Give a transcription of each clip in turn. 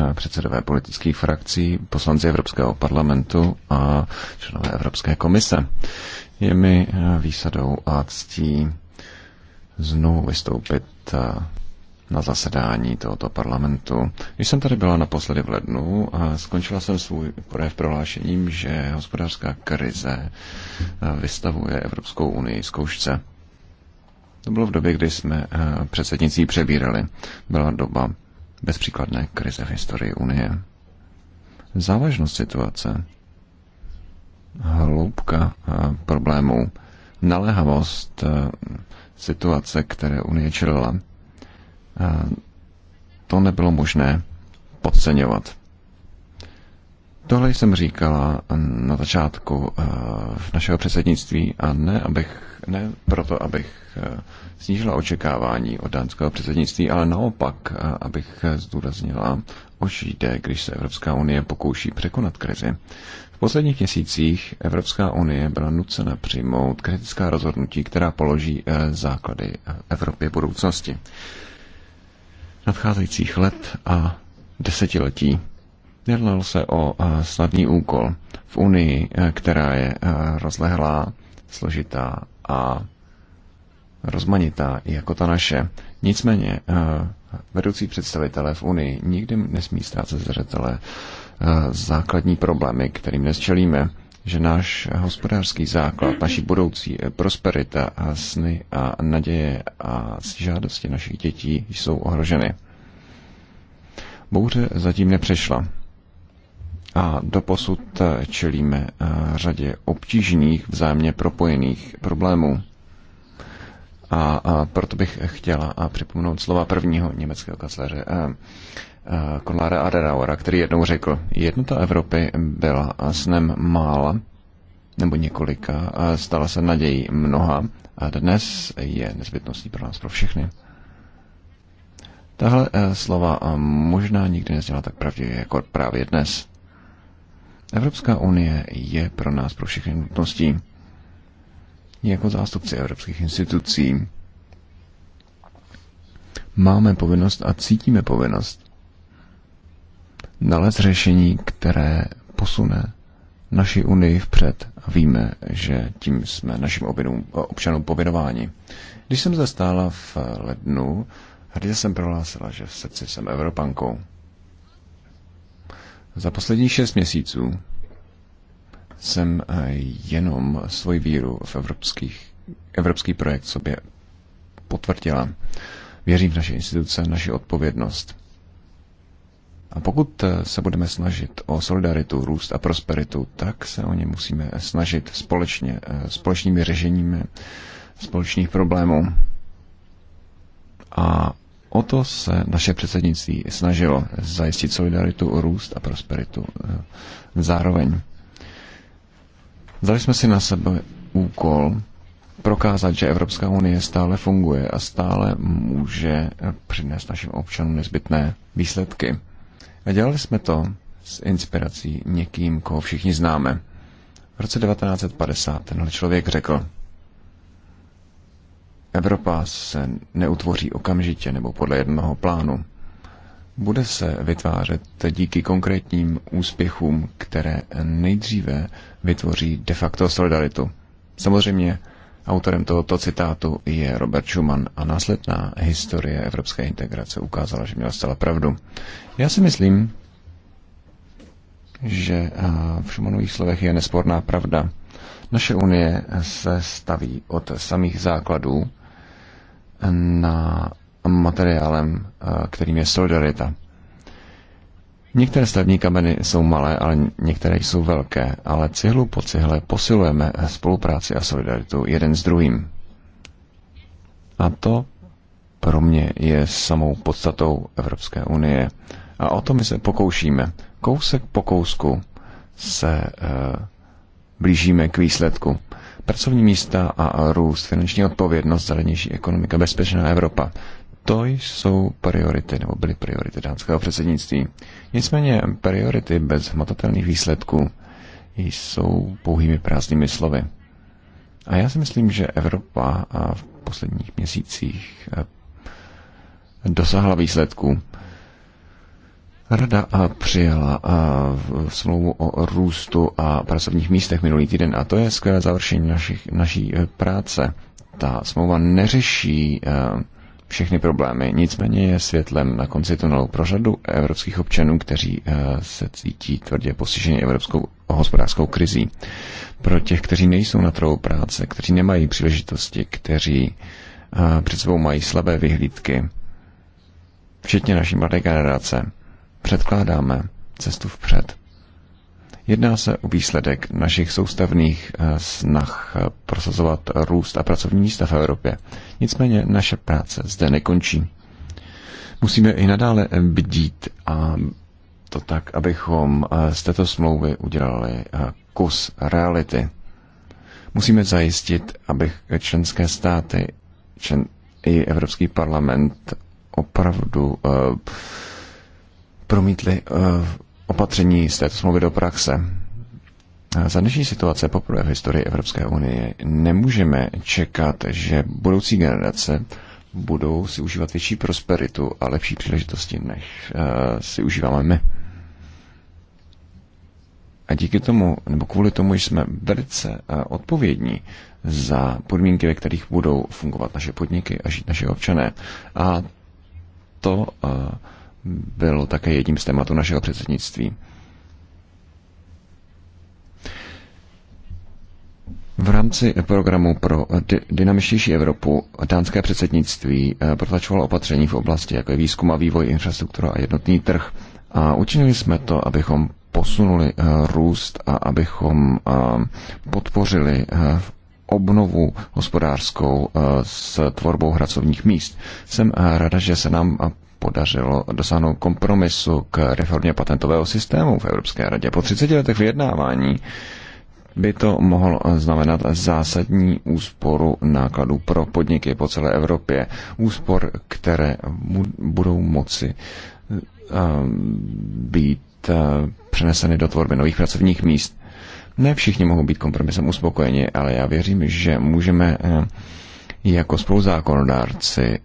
Eh, předsedové politických frakcí, poslanci Evropského parlamentu a členové Evropské komise. Je mi eh, výsadou a ctí znovu vystoupit eh, na zasedání tohoto parlamentu. Když jsem tady byla naposledy v lednu, a skončila jsem svůj projev prohlášením, že hospodářská krize vystavuje Evropskou unii zkoušce. To bylo v době, kdy jsme předsednicí přebírali. Byla doba bezpříkladné krize v historii Unie. Závažnost situace, hloubka eh, problémů, naléhavost eh, situace, které Unie čelila, eh, to nebylo možné podceňovat. Tohle jsem říkala na začátku v našeho předsednictví a ne, abych ne proto, abych eh, snížila očekávání od dánského předsednictví, ale naopak, eh, abych zdůraznila, oč jde, když se Evropská unie pokouší překonat krizi. V posledních měsících Evropská unie byla nucena přijmout kritická rozhodnutí, která položí eh, základy Evropě budoucnosti. Nadcházejících let a desetiletí Jednalo se o slavný úkol v Unii, která je rozlehlá, složitá a rozmanitá jako ta naše. Nicméně eh, vedoucí představitelé v Unii nikdy nesmí ztrácet zřetele eh, základní problémy, kterým dnes čelíme, že náš hospodářský základ, naší budoucí eh, prosperita a sny a naděje a žádosti našich dětí jsou ohroženy. Bouře zatím nepřešla. A doposud eh, čelíme eh, řadě obtížných, vzájemně propojených problémů. A, proto bych chtěla a eh, připomenout slova prvního německého kancléře Konráda Adenauera, který jednou řekl, jednota Evropy byla snem mála, nebo několika, stala se nadějí mnoha a dnes je nezbytností pro nás, pro všechny. Tahle slova možná nikdy nezněla tak pravdivě jako právě dnes. Evropská unie je pro nás pro všechny nutností. Jako zástupci evropských institucí máme povinnost a cítíme povinnost nalézt řešení, které posune naši unii vpřed a víme, že tím jsme našim obědům, občanům povinováni. Když jsem zastála v lednu, hrdě jsem prohlásila, že v srdci jsem Evropankou. Za poslední šest měsíců jsem eh, jenom svoji víru v evropských, evropský projekt sobě potvrdila. Věřím v naše instituce, v naši odpovědnost. A pokud eh, se budeme snažit o solidaritu, růst a prosperitu, tak se o ně musíme snažit společně, eh, společnými řešeními společných problémů. A O to se naše předsednictví snažilo zajistit solidaritu, růst a prosperitu eh, zároveň. Vzali jsme si na sebe úkol prokázat, že Evropská unie stále funguje a stále může přinést našim občanům nezbytné výsledky. A dělali jsme to s inspirací někým, koho všichni známe. V roce 1950 tenhle člověk řekl, Evropa se neutvoří okamžitě nebo podle jednoho plánu. Bude se vytvářet díky konkrétním úspěchům, které nejdříve vytvoří de facto solidaritu. Samozřejmě autorem tohoto citátu je Robert Schuman a následná historie evropské integrace ukázala, že měla stále pravdu. Já si myslím, že eh, v Schumanových slovech je nesporná pravda. Naše unie se staví od samých základů na materiálem, eh, kterým je solidarita. Některé stavní kameny jsou malé, ale některé jsou velké, ale cihlu po cihle posilujeme spolupráci a solidaritu jeden s druhým. A to pro mě je samou podstatou Evropské unie. A o to my se pokoušíme. Kousek po kousku se e, blížíme k výsledku. Pracovní místa a růst, finanční odpovědnost, zelenější ekonomika, bezpečná Evropa. To jsou priority, nebo byly priority dánského předsednictví. Nicméně priority bez hmatatelných výsledků jsou pouhými prázdnými slovy. A já si myslím, že Evropa v posledních měsících eh, dosáhla výsledků. Rada přijala smlouvu o růstu a pracovních místech minulý týden a to je skvělé završení našich, naší e, práce. Ta smlouva neřeší e, všechny problémy, nicméně je světlem na konci tunelu pro řadu evropských občanů, kteří e, se cítí tvrdě postiženi evropskou hospodářskou krizí. Pro těch, kteří nejsou na trhu práce, kteří nemají příležitosti, kteří před sebou mají slabé vyhlídky, včetně naší mladé generace, předkládáme cestu vpřed. Jedná se o výsledek našich soustavných eh, snah eh, prosazovat růst a pracovní místa v Evropě. Nicméně naše práce zde nekončí. Musíme i nadále eh, bdít a to tak, abychom z této smlouvy udělali kus reality. Musíme zajistit, aby členské státy člen, i Evropský parlament opravdu uh, promítli eh, opatření z této smlouvy do praxe. Eh, za dnešní situace poprvé v historii Evropské unie nemůžeme čekat, že budoucí generace budou si užívat větší prosperitu a lepší příležitosti, než eh, si užíváme my. A díky tomu, nebo kvůli tomu, že jsme velice odpovědní za podmínky, ve kterých budou fungovat naše podniky a žít naše občané. A to bylo také jedním z tématů našeho předsednictví. V rámci programu pro dy- dynamičtější Evropu dánské předsednictví eh, protlačovalo opatření v oblasti jako je výzkum a vývoj, infrastruktura a jednotný trh. A učinili jsme to, abychom posunuli eh, růst a abychom eh, podpořili obnovu hospodářskou s tvorbou hracovních míst. Jsem ráda, že se nám podařilo dosáhnout kompromisu k reformě patentového systému v Evropské radě. Po 30 letech vyjednávání by to mohlo znamenat zásadní úsporu nákladů pro podniky po celé Evropě. Úspor, které budou moci eh, být eh, přeneseny do tvorby nových pracovních míst. Ne všichni mohou být kompromisem uspokojeni, ale já věřím, že můžeme eh, jako spoluzákonodárci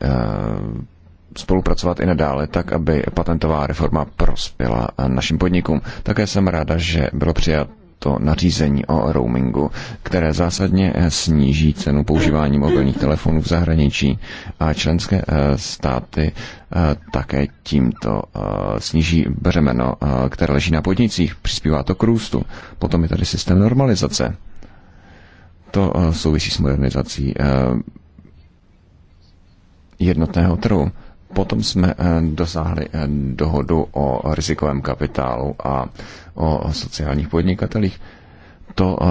spolupracovat i nadále, tak aby patentová reforma prospěla našim podnikům. Také jsem ráda, že bylo přijat to nařízení o roamingu, které zásadně sníží cenu používání mobilních telefonů v zahraničí a členské eh, státy eh, také tímto eh, sníží břemeno, které leží na podnicích. Přispívá to k růstu. Potom je tady systém normalizace. To souvisí s modernizací jednotného trhu. Potom jsme eh, dosáhli eh, dohodu o rizikovém kapitálu a o sociálních podnikatelích. To eh,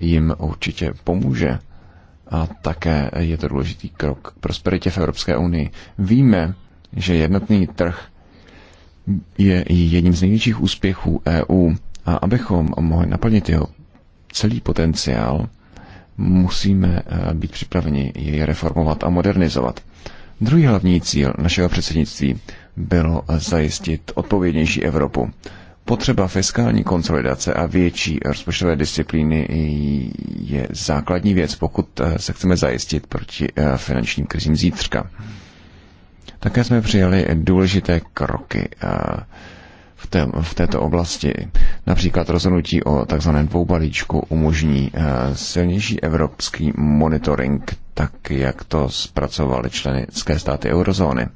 jim určitě pomůže. A také je to důležitý krok k prosperitě v Evropské unii. Víme, že jednotný trh je jedním z největších úspěchů EU a abychom mohli naplnit jeho celý potenciál, musíme být připraveni jej reformovat a modernizovat. Druhý hlavní cíl našeho předsednictví bylo zajistit odpovědnější Evropu. Potřeba fiskální konsolidace a větší rozpočtové disciplíny je základní věc, pokud eh, se chceme zajistit proti eh, finančním krizím zítřka. Také jsme přijali důležité kroky eh, v, té, v této oblasti. Například rozhodnutí o tzv. dvoubalíčku umožní silnější evropský monitoring tak jak to zpracovaly členské státy eurozóny.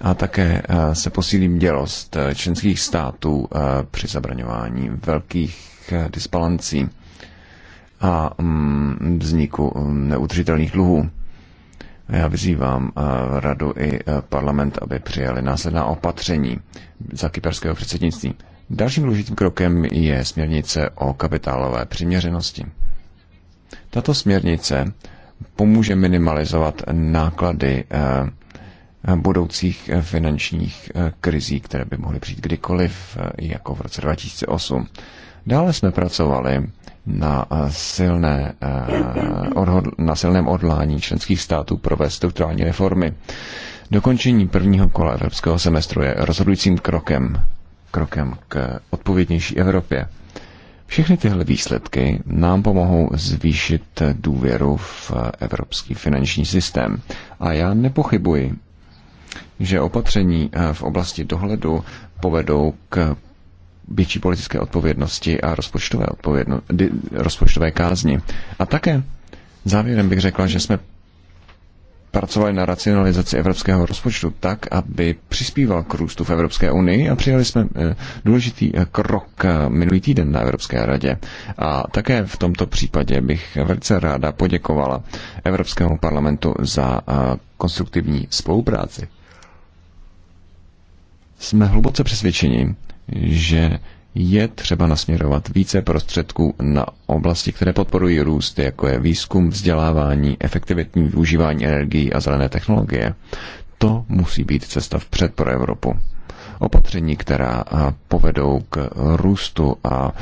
A také eh, se posílí dělost eh, členských států eh, při zabraňování velkých disbalancí a mm, vzniku mm, neudržitelných dluhů. Já vyzývám radu i parlament, aby přijali následná opatření za kyperského předsednictví. Dalším důležitým krokem je směrnice o kapitálové přiměřenosti. Tato směrnice pomůže minimalizovat náklady eh, eh, budoucích eh, finančních krizí, které by mohly přijít kdykoliv, jako v roce 2008. Dále jsme pracovali na, silné, na silném odlání členských států provést strukturální reformy. Dokončení prvního kola evropského semestru je rozhodujícím krokem, krokem k odpovědnější Evropě. Všechny tyhle výsledky nám pomohou zvýšit důvěru v evropský finanční systém. A já nepochybuji, že opatření eh, v oblasti dohledu povedou k větší politické odpovědnosti a rozpočtové, odpovědno, rozpočtové kázni. A také závěrem bych řekla, že jsme pracovali na racionalizaci evropského rozpočtu tak, aby přispíval k růstu v Evropské unii a přijali jsme eh, důležitý eh, krok eh, minulý týden na Evropské radě. A také v tomto případě bych velice ráda poděkovala Evropskému parlamentu za konstruktivní spolupráci. Jsme hluboce přesvědčeni, že je třeba nasměrovat více prostředků na oblasti, které podporují růst, jako je výzkum, vzdělávání, efektivitní využívání energií a zelené technologie. To musí být cesta vpřed pro Evropu. Opatření, která povedou k růstu a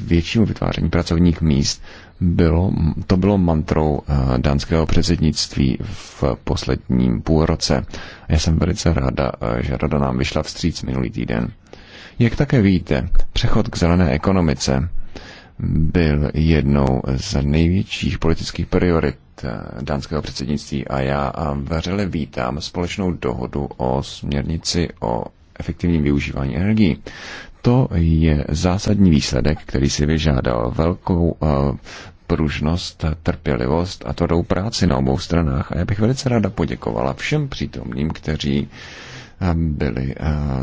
většímu vytváření pracovních míst, bylo, to bylo mantrou dánského předsednictví v posledním půlroce. Já jsem velice ráda, že Rada nám vyšla vstříc minulý týden. Jak také víte, přechod k zelené ekonomice byl jednou z největších politických priorit eh, dánského předsednictví a já veřele vítám společnou dohodu o směrnici o efektivním využívání energií. To je zásadní výsledek, který si vyžádal velkou eh, pružnost, trpělivost a tvrdou práci na obou stranách. A já bych velice ráda poděkovala všem přítomným, kteří eh, byli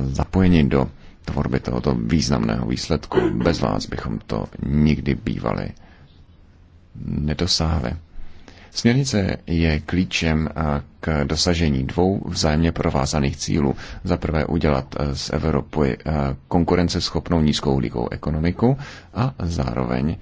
zapojeni do tvorby tohoto významného výsledku. Bez vás bychom to nikdy bývali nedosáhli. Směrnice je klíčem k dosažení dvou vzájemně provázaných cílů. Za prvé udělat eh, z Evropy eh, konkurenceschopnou nízkouhlíkovou ekonomiku a zároveň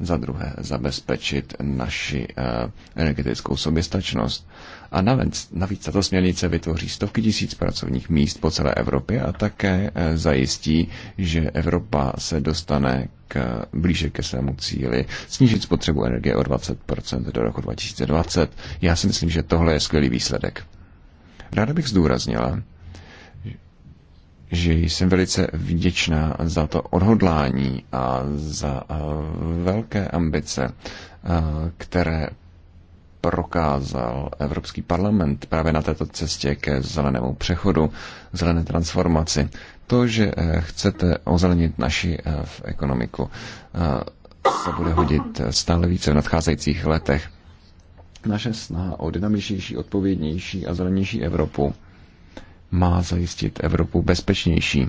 za druhé zabezpečit naši eh, energetickou soběstačnost. A navíc, navíc tato směrnice vytvoří stovky tisíc pracovních míst po celé Evropě a také eh, zajistí, že Evropa se dostane k, blíže ke svému cíli snížit spotřebu energie o 20% do roku 2020. Já si myslím, že tohle je skvělý výsledek. Ráda bych zdůraznila, že jsem velice vděčná za to odhodlání a za eh, velké ambice, eh, které prokázal Evropský parlament právě na této cestě ke zelenému přechodu, zelené transformaci. To, že eh, chcete ozelenit naši v ekonomiku, se bude hodit stále více v nadcházejících letech. Naše snaha o dynamičnější, odpovědnější a zelenější Evropu má zajistit Evropu bezpečnější.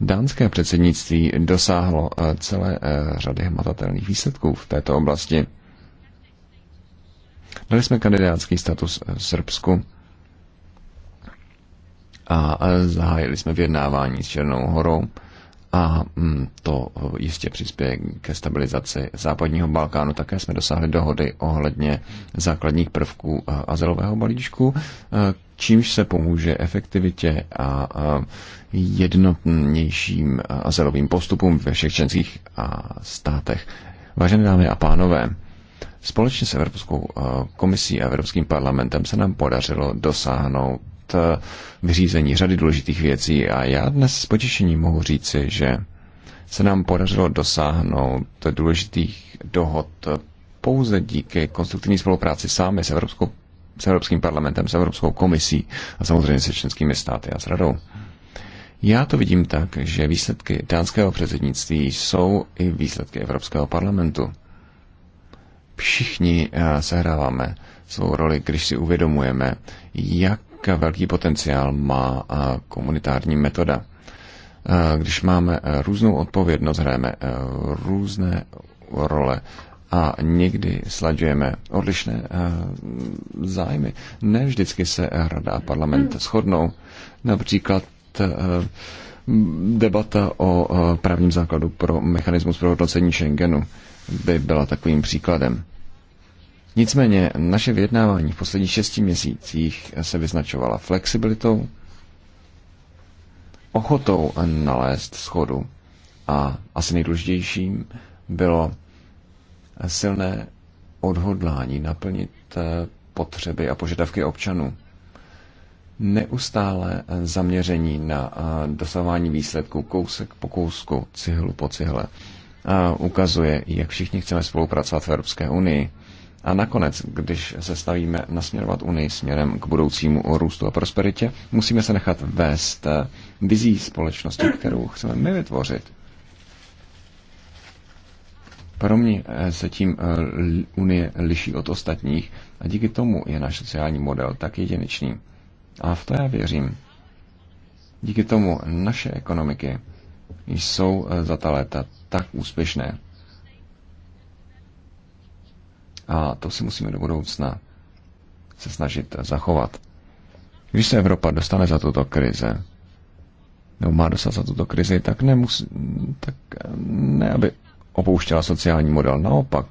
Dánské předsednictví dosáhlo eh, celé eh, řady hmatatelných výsledků v této oblasti. Dali jsme kandidátský status eh, Srbsku a zahájili jsme vyjednávání s Černou horou a mm, to jistě přispěje ke stabilizaci západního Balkánu. Také jsme dosáhli dohody ohledně základních prvků azylového balíčku, čímž se pomůže efektivitě a jednotnějším azylovým postupům ve všech členských státech. Vážené dámy a pánové, společně s Evropskou komisí a Evropským parlamentem se nám podařilo dosáhnout vyřízení řady důležitých věcí a já dnes s potěšením mohu říci, že se nám podařilo dosáhnout důležitých dohod pouze díky konstruktivní spolupráci sámi s Evropskou s Evropským parlamentem, s Evropskou komisí a samozřejmě se členskými státy a s radou. Já to vidím tak, že výsledky dánského předsednictví jsou i výsledky Evropského parlamentu. Všichni eh, sehráváme svou roli, když si uvědomujeme, jak velký potenciál má eh, komunitární metoda. Eh, když máme různou odpovědnost, hrajeme různé role a někdy slaďujeme odlišné eh, zájmy. Ne vždycky se Rada a parlament hmm. shodnou. Například eh, debata o eh, právním základu pro mechanismus pro hodnocení Schengenu by byla takovým příkladem. Nicméně naše vyjednávání v posledních šesti měsících se vyznačovala flexibilitou, ochotou nalézt schodu a asi nejdůležitějším bylo silné odhodlání naplnit eh, potřeby a požadavky občanů. Neustále eh, zaměření na eh, dosahování výsledků kousek po kousku, cihlu po cihle, ukazuje, jak všichni chceme spolupracovat v Evropské unii. A nakonec, když se stavíme nasměrovat Unii směrem k budoucímu růstu a prosperitě, musíme se nechat vést vizí společnosti, kterou chceme my vytvořit. Pro mě eh, se tím eh, Unie liší od ostatních a díky tomu je náš sociální model tak jedinečný. A v to já věřím. Díky tomu naše ekonomiky jsou eh, za ta léta tak úspěšné. A to si musíme do budoucna se snažit zachovat. Když se Evropa dostane za tuto krize, nebo má dostat za tuto krizi, tak, nemus, tak ne, aby opouštěla sociální model. Naopak,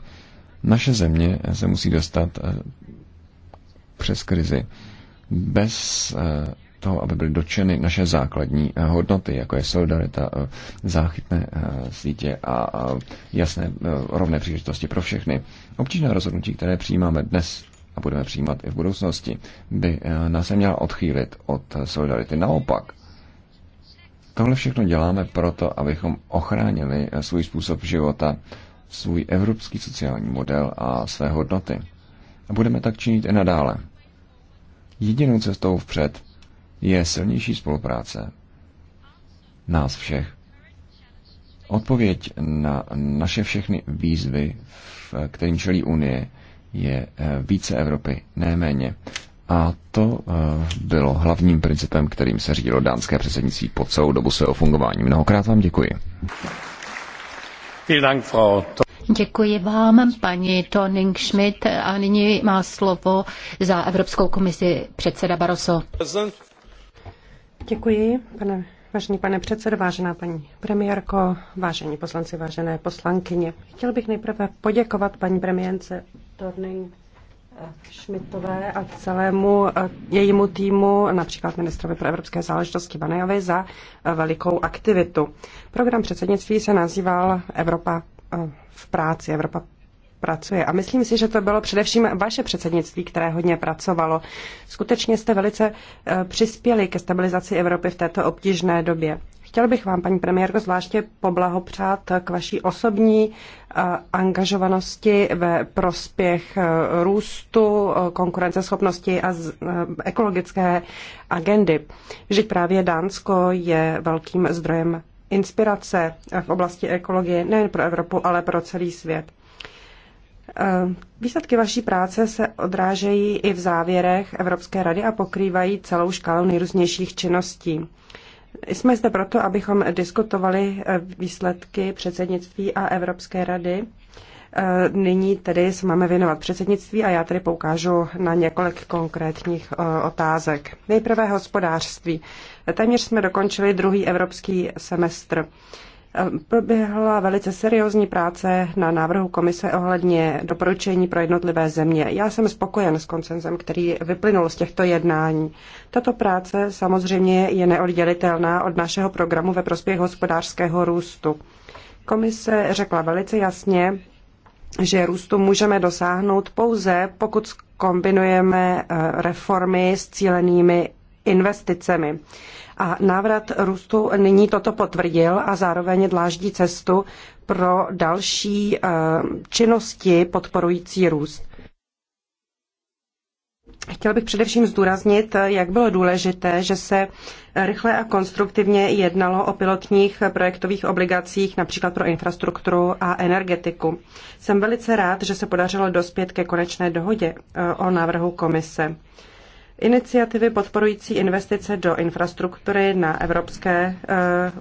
naše země se musí dostat eh, přes krizi bez eh, toho, aby byly dočeny naše základní eh, hodnoty, jako je solidarita, záchytné sítě a jasné rovné příležitosti pro všechny. Obtížná rozhodnutí, které přijímáme dnes a budeme přijímat i v budoucnosti, by nás se měla odchýlit od solidarity. Naopak, Tohle všechno děláme proto, abychom ochránili eh, svůj způsob života, svůj evropský sociální model a své hodnoty. A budeme tak činit i nadále. Jedinou cestou vpřed je silnější spolupráce nás všech. Odpověď na naše všechny výzvy, v kterým čelí Unie, je eh, více Evropy, ne méně. A to eh, bylo hlavním principem, kterým se řídilo dánské předsednictví po celou dobu svého fungování. Mnohokrát vám děkuji. Děkuji vám, paní Toning Schmidt. A nyní má slovo za Evropskou komisi předseda Barroso. Děkuji, pane, vážený pane předsedo, vážená paní premiérko, vážení poslanci, vážené poslankyně. Chtěl bych nejprve poděkovat paní premiérce Torning Šmitové a celému eh, jejímu týmu, například ministrovi pro evropské záležitosti Vanejovi, za eh, velikou aktivitu. Program předsednictví se nazýval Evropa eh, v práci, Evropa pracuje. A myslím si, že to bylo především vaše předsednictví, které hodně pracovalo. Skutečně jste velice přispěli ke stabilizaci Evropy v této obtížné době. Chtěl bych vám, paní premiérko, zvláště poblahopřát k vaší osobní eh, angažovanosti ve prospěch eh, růstu, eh, konkurenceschopnosti a ekologické agendy. Vždyť právě Dánsko je velkým zdrojem inspirace v oblasti ekologie nejen pro Evropu, ale pro celý svět. Výsledky vaší práce se odrážejí i v závěrech Evropské rady a pokrývají celou škálu nejrůznějších činností. Jsme zde proto, abychom diskutovali eh, výsledky předsednictví a Evropské rady. Eh, nyní tedy se máme věnovat předsednictví a já tedy poukážu na několik konkrétních eh, otázek. Nejprve hospodářství. Téměř jsme dokončili druhý evropský semestr. Proběhla velice seriózní práce na návrhu komise ohledně doporučení pro jednotlivé země. Já jsem spokojen s koncenzem, který vyplynul z těchto jednání. Tato práce samozřejmě je neoddělitelná od našeho programu ve prospěch hospodářského růstu. Komise řekla velice jasně, že růstu můžeme dosáhnout pouze, pokud kombinujeme eh, reformy s cílenými investicemi. A návrat růstu nyní toto potvrdil a zároveň dláždí cestu pro další eh, činnosti podporující růst. Chtěl bych především zdůraznit, eh, jak bylo důležité, že se rychle a konstruktivně jednalo o pilotních projektových obligacích například pro infrastrukturu a energetiku. Jsem velice rád, že se podařilo dospět ke konečné dohodě eh, o návrhu komise iniciativy podporující investice do infrastruktury na evropské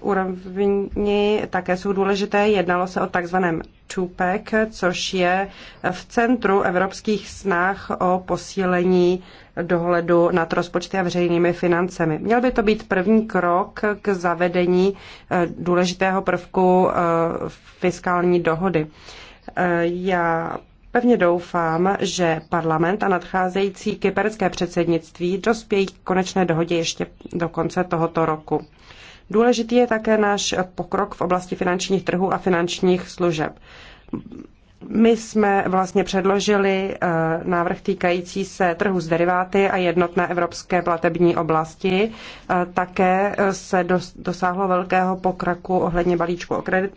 uh, úrovni také jsou důležité. Jednalo se o takzvaném TUPEC, což je v centru evropských snah o posílení dohledu nad rozpočty a veřejnými financemi. Měl by to být první krok k zavedení eh, důležitého prvku eh, fiskální dohody. Já Pevně doufám, že parlament a nadcházející kyperské předsednictví dospějí k konečné dohodě ještě do konce tohoto roku. Důležitý je také náš pokrok v oblasti finančních trhů a finančních služeb. My jsme vlastně předložili eh, návrh týkající se trhu s deriváty a jednotné evropské platební oblasti. Eh, také eh, se dosáhlo velkého pokroku ohledně balíčku o kredit,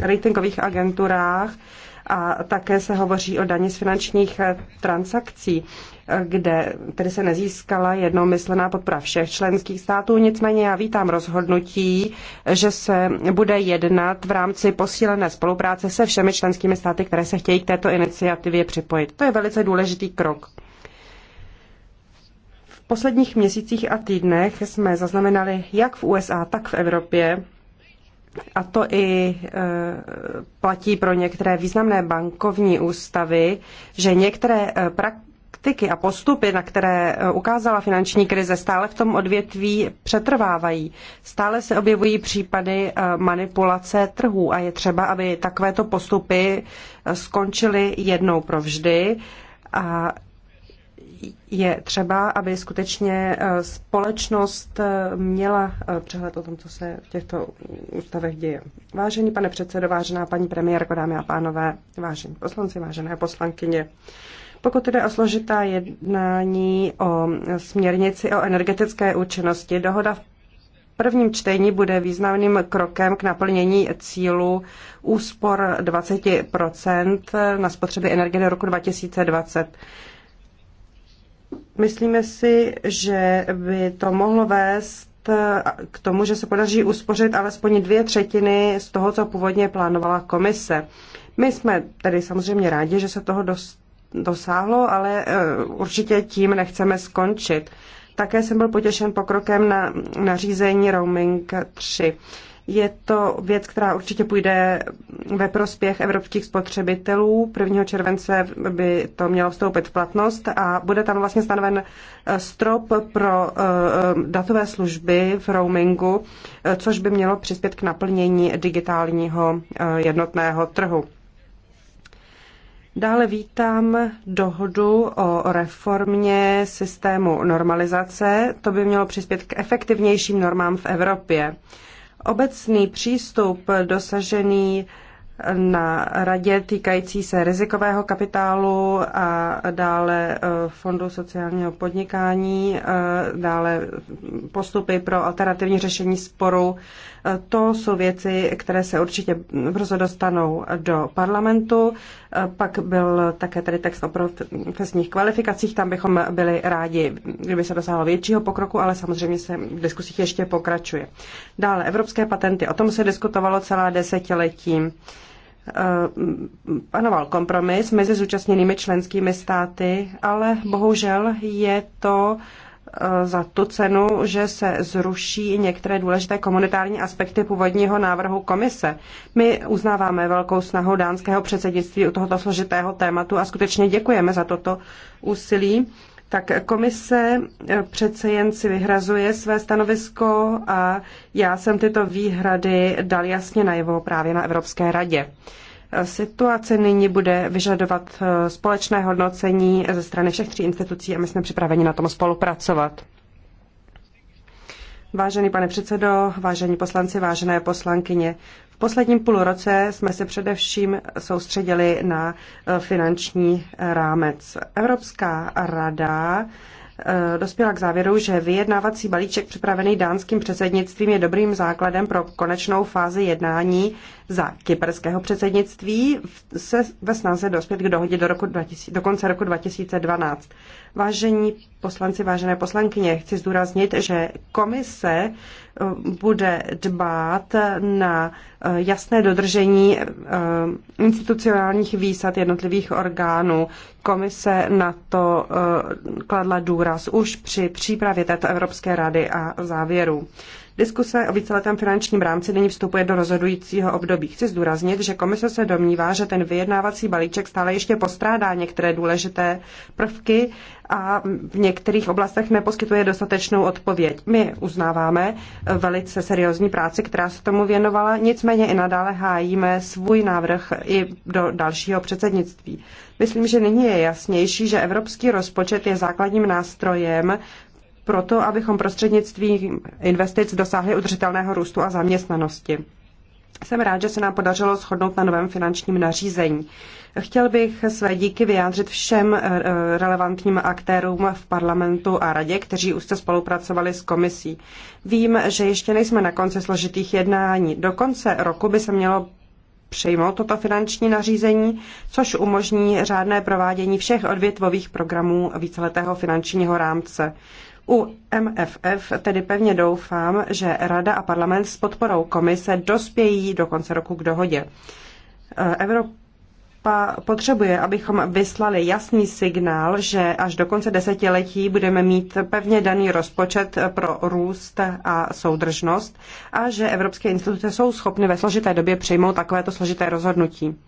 ratingových agenturách a také se hovoří o dani z finančních eh, transakcí, eh, kde tedy se nezískala jednomyslená podpora všech členských států. Nicméně já vítám rozhodnutí, že se bude jednat v rámci posílené spolupráce se všemi členskými státy, které se chtějí k této iniciativě připojit. To je velice důležitý krok V posledních měsících a týdnech jsme zaznamenali jak v USA, tak v Evropě a to i e, platí pro některé významné bankovní ústavy, že některé e, praktiky a postupy, na které e, ukázala finanční krize, stále v tom odvětví přetrvávají. Stále se objevují případy manipulace trhů a je třeba, aby takovéto postupy skončily jednou provždy a je třeba, aby skutečně eh, společnost eh, měla eh, přehled o tom, co se v těchto ústavech děje. Vážený pane předsedo, vážená paní premiérko, dámy a pánové, vážení poslanci, vážené poslankyně, pokud jde o složitá jednání o směrnici o energetické účinnosti, dohoda v prvním čtení bude významným krokem k naplnění cílu úspor 20 na spotřeby energie do roku 2020. Myslíme si, že by to mohlo vést eh, k tomu, že se podaří uspořit alespoň dvě třetiny z toho, co původně plánovala komise. My jsme tedy samozřejmě rádi, že se toho dost, dosáhlo, ale eh, určitě tím nechceme skončit. Také jsem byl potěšen pokrokem na nařízení Roaming 3. Je to věc, která určitě půjde ve prospěch evropských spotřebitelů. 1. července by to mělo vstoupit v platnost a bude tam vlastně stanoven eh, strop pro eh, datové služby v roamingu, eh, což by mělo přispět k naplnění digitálního jednotného trhu. Dále vítám dohodu o reformě systému normalizace. To by mělo přispět k efektivnějším normám v Evropě. Obecný přístup dosažený na radě týkající se rizikového kapitálu a dále eh, fondu sociálního podnikání, eh, dále postupy pro alternativní řešení sporu. Eh, to jsou věci, které se určitě brzo dostanou do parlamentu. Pak byl také tady text o profesních kvalifikacích, tam bychom byli rádi, kdyby se dosáhlo většího pokroku, ale samozřejmě se v diskusích ještě pokračuje. Dále evropské patenty, o tom se diskutovalo celá desetiletí eh, panoval kompromis mezi zúčastněnými členskými státy, ale bohužel je to Eh, za tu cenu, že se zruší některé důležité komunitární aspekty původního návrhu komise. My uznáváme velkou snahu dánského předsednictví u tohoto složitého tématu a skutečně děkujeme za toto úsilí. Tak komise eh, přece jen si vyhrazuje své stanovisko a já jsem tyto výhrady dal jasně najevo právě na Evropské radě situace nyní bude vyžadovat eh, společné hodnocení ze strany všech tří institucí a my jsme připraveni na tom spolupracovat. Vážený pane předsedo, vážení poslanci, vážené poslankyně, v posledním roce jsme se především soustředili na eh, finanční rámec. Evropská rada eh, dospěla k závěru, že vyjednávací balíček připravený dánským předsednictvím je dobrým základem pro konečnou fázi jednání za kyperského předsednictví se ve snaze dospět k dohodě do, roku 2000, do konce roku 2012. Vážení poslanci, vážené poslankyně, chci zdůraznit, že komise eh, bude dbát na eh, jasné dodržení eh, institucionálních výsad jednotlivých orgánů. Komise na to kladla důraz už při přípravě této Evropské rady a závěru. Diskuse o víceletém finančním rámci nyní vstupuje do rozhodujícího období. Chci zdůraznit, že komise se domnívá, že ten vyjednávací balíček stále ještě postrádá některé důležité prvky a v některých oblastech neposkytuje dostatečnou odpověď. My uznáváme velice seriózní práci, která se tomu věnovala, nicméně i nadále hájíme svůj návrh i do dalšího předsednictví. Myslím, že nyní je jasnější, že evropský rozpočet je základním nástrojem proto, abychom prostřednictvím investic dosáhli udržitelného růstu a zaměstnanosti. Jsem rád, že se nám podařilo shodnout na novém finančním nařízení. Chtěl bych své díky vyjádřit všem eh, eh, relevantním aktérům v parlamentu a radě, kteří už se spolupracovali s komisí. Vím, že ještě nejsme na konci složitých jednání. Do konce roku by se mělo přejmout toto finanční nařízení, což umožní řádné provádění všech odvětvových programů víceletého finančního rámce. U MFF tedy pevně doufám, že Rada a parlament s podporou komise dospějí do konce roku k dohodě. Evropa potřebuje, abychom vyslali jasný signál, že až do konce desetiletí budeme mít pevně daný rozpočet pro růst a soudržnost a že evropské instituce jsou schopny ve složité době přijmout takovéto složité rozhodnutí.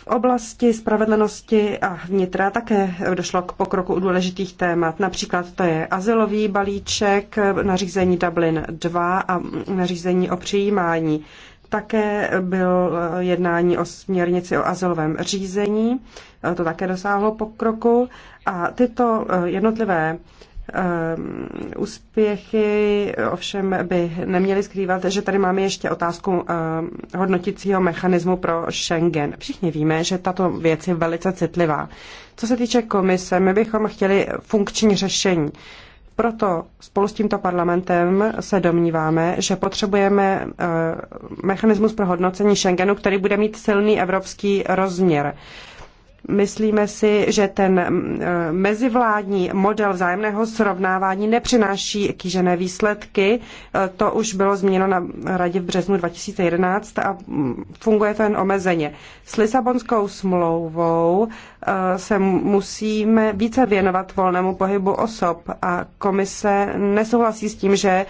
V oblasti spravedlnosti a vnitra také došlo k pokroku u důležitých témat. Například to je asilový balíček, nařízení Dublin 2 a nařízení o přijímání. Také byl jednání o směrnici o azylovém řízení, to také dosáhlo pokroku. A tyto eh, jednotlivé Ehm, úspěchy ovšem by neměly skrývat, že tady máme ještě otázku ehm, hodnotícího mechanismu pro Schengen. Všichni víme, že tato věc je velice citlivá. Co se týče komise, my bychom chtěli funkční řešení. Proto spolu s tímto parlamentem se domníváme, že potřebujeme ehm, mechanismus pro hodnocení Schengenu, který bude mít silný evropský rozměr. Myslíme si, že ten eh, mezivládní model vzájemného srovnávání nepřináší kýžené výsledky. Eh, to už bylo zmíněno na radě v březnu 2011 a mm, funguje to jen omezeně. S Lisabonskou smlouvou eh, se musíme více věnovat volnému pohybu osob a komise nesouhlasí s tím, že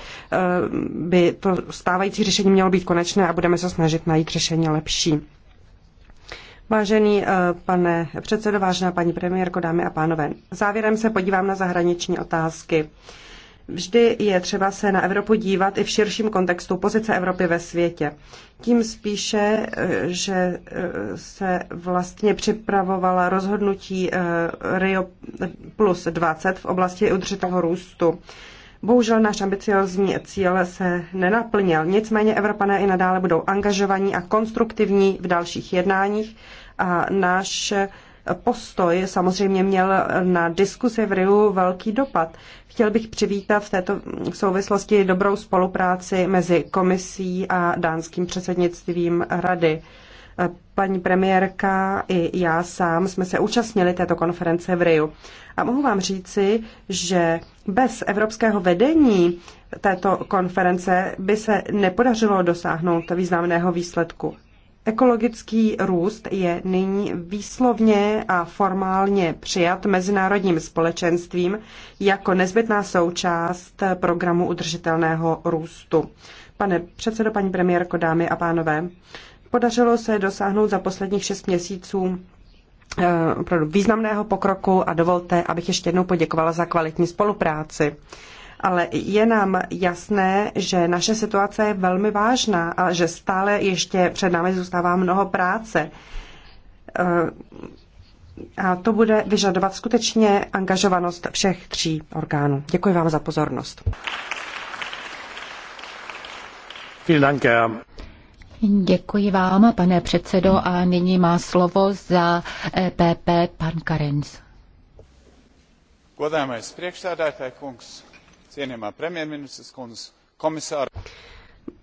by to stávající řešení mělo být konečné a budeme se snažit najít řešení lepší. Vážený eh, pane předsedo, vážená paní premiérko, dámy a pánové, závěrem se podívám na zahraniční otázky. Vždy je třeba se na Evropu dívat i v širším kontextu pozice Evropy ve světě. Tím spíše, eh, že eh, se vlastně připravovala rozhodnutí Rio plus 20 v oblasti udržitelného růstu. Bohužel náš ambiciozní cíl se nenaplnil, nicméně Evropané i nadále budou angažovaní a konstruktivní v dalších jednáních a náš postoj samozřejmě měl na diskuzi v Riu velký dopad. Chtěl bych přivítat v této souvislosti dobrou spolupráci mezi komisí a dánským předsednictvím rady. Paní premiérka i já sám jsme se účastnili této konference v Riu. A mohu vám říci, že bez evropského vedení této konference by se nepodařilo dosáhnout významného výsledku. Ekologický růst je nyní výslovně a formálně přijat mezinárodním společenstvím jako nezbytná součást programu udržitelného růstu. Pane předsedo, paní premiérko, dámy a pánové, podařilo se dosáhnout za posledních šest měsíců eh, významného pokroku a dovolte, abych ještě jednou poděkovala za kvalitní spolupráci ale je nám jasné, že naše situace je velmi vážná a že stále ještě před námi zůstává mnoho práce. Eh, a to bude vyžadovat skutečně angažovanost všech tří orgánů. Děkuji vám za pozornost. Děkuji vám, pane předsedo, a nyní má slovo za EPP pan Karenc. Godājamais priekšsēdētāji kungs,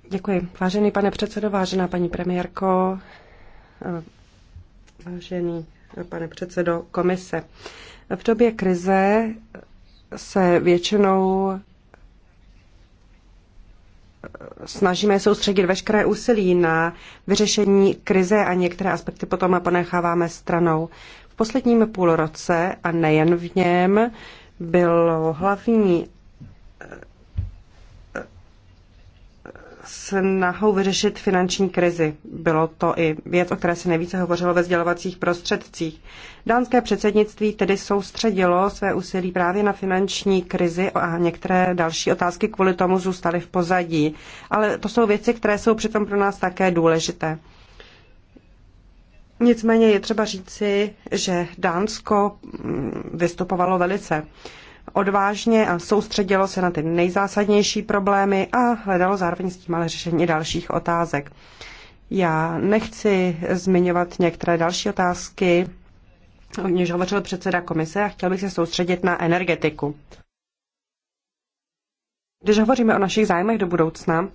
Děkuji. Vážený pane předsedo, vážená paní premiérko, eh, vážený pane předsedo komise. V době krize se většinou eh, snažíme soustředit veškeré úsilí na vyřešení krize a některé aspekty potom ponecháváme stranou. V posledním půlroce a nejen v něm bylo hlavní snahou vyřešit finanční krizi. Bylo to i věc, o které se nejvíce hovořilo ve sdělovacích prostředcích. Dánské předsednictví tedy soustředilo své úsilí právě na finanční krizi a některé další otázky kvůli tomu zůstaly v pozadí. Ale to jsou věci, které jsou přitom pro nás také důležité. Nicméně je třeba říci, že Dánsko mm, vystupovalo velice odvážně a soustředilo se na ty nejzásadnější problémy a hledalo zároveň s tím ale řešení dalších otázek. Já nechci zmiňovat některé další otázky, o níž hovořil předseda komise a chtěl bych se soustředit na energetiku. Když hovoříme o našich zájmech do budoucna,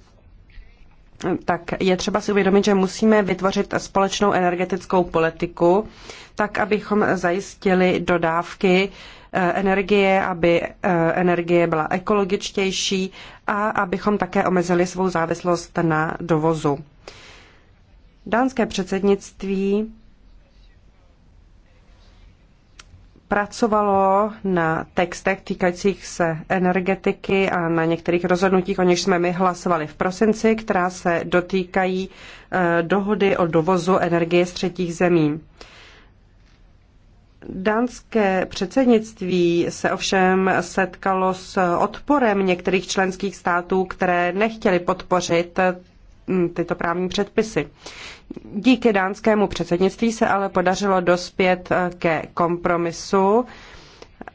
tak je třeba si uvědomit, že musíme vytvořit společnou energetickou politiku, tak abychom zajistili dodávky Eh, energie, aby eh, energie byla ekologičtější a abychom také omezili svou závislost na dovozu. Dánské předsednictví pracovalo na textech týkajících se energetiky a na některých rozhodnutích, o nich jsme my hlasovali v prosinci, která se dotýkají eh, dohody o dovozu energie z třetích zemí. Dánské předsednictví se ovšem setkalo s odporem některých členských států, které nechtěly podpořit mm, tyto právní předpisy. Díky dánskému předsednictví se ale podařilo dospět eh, ke kompromisu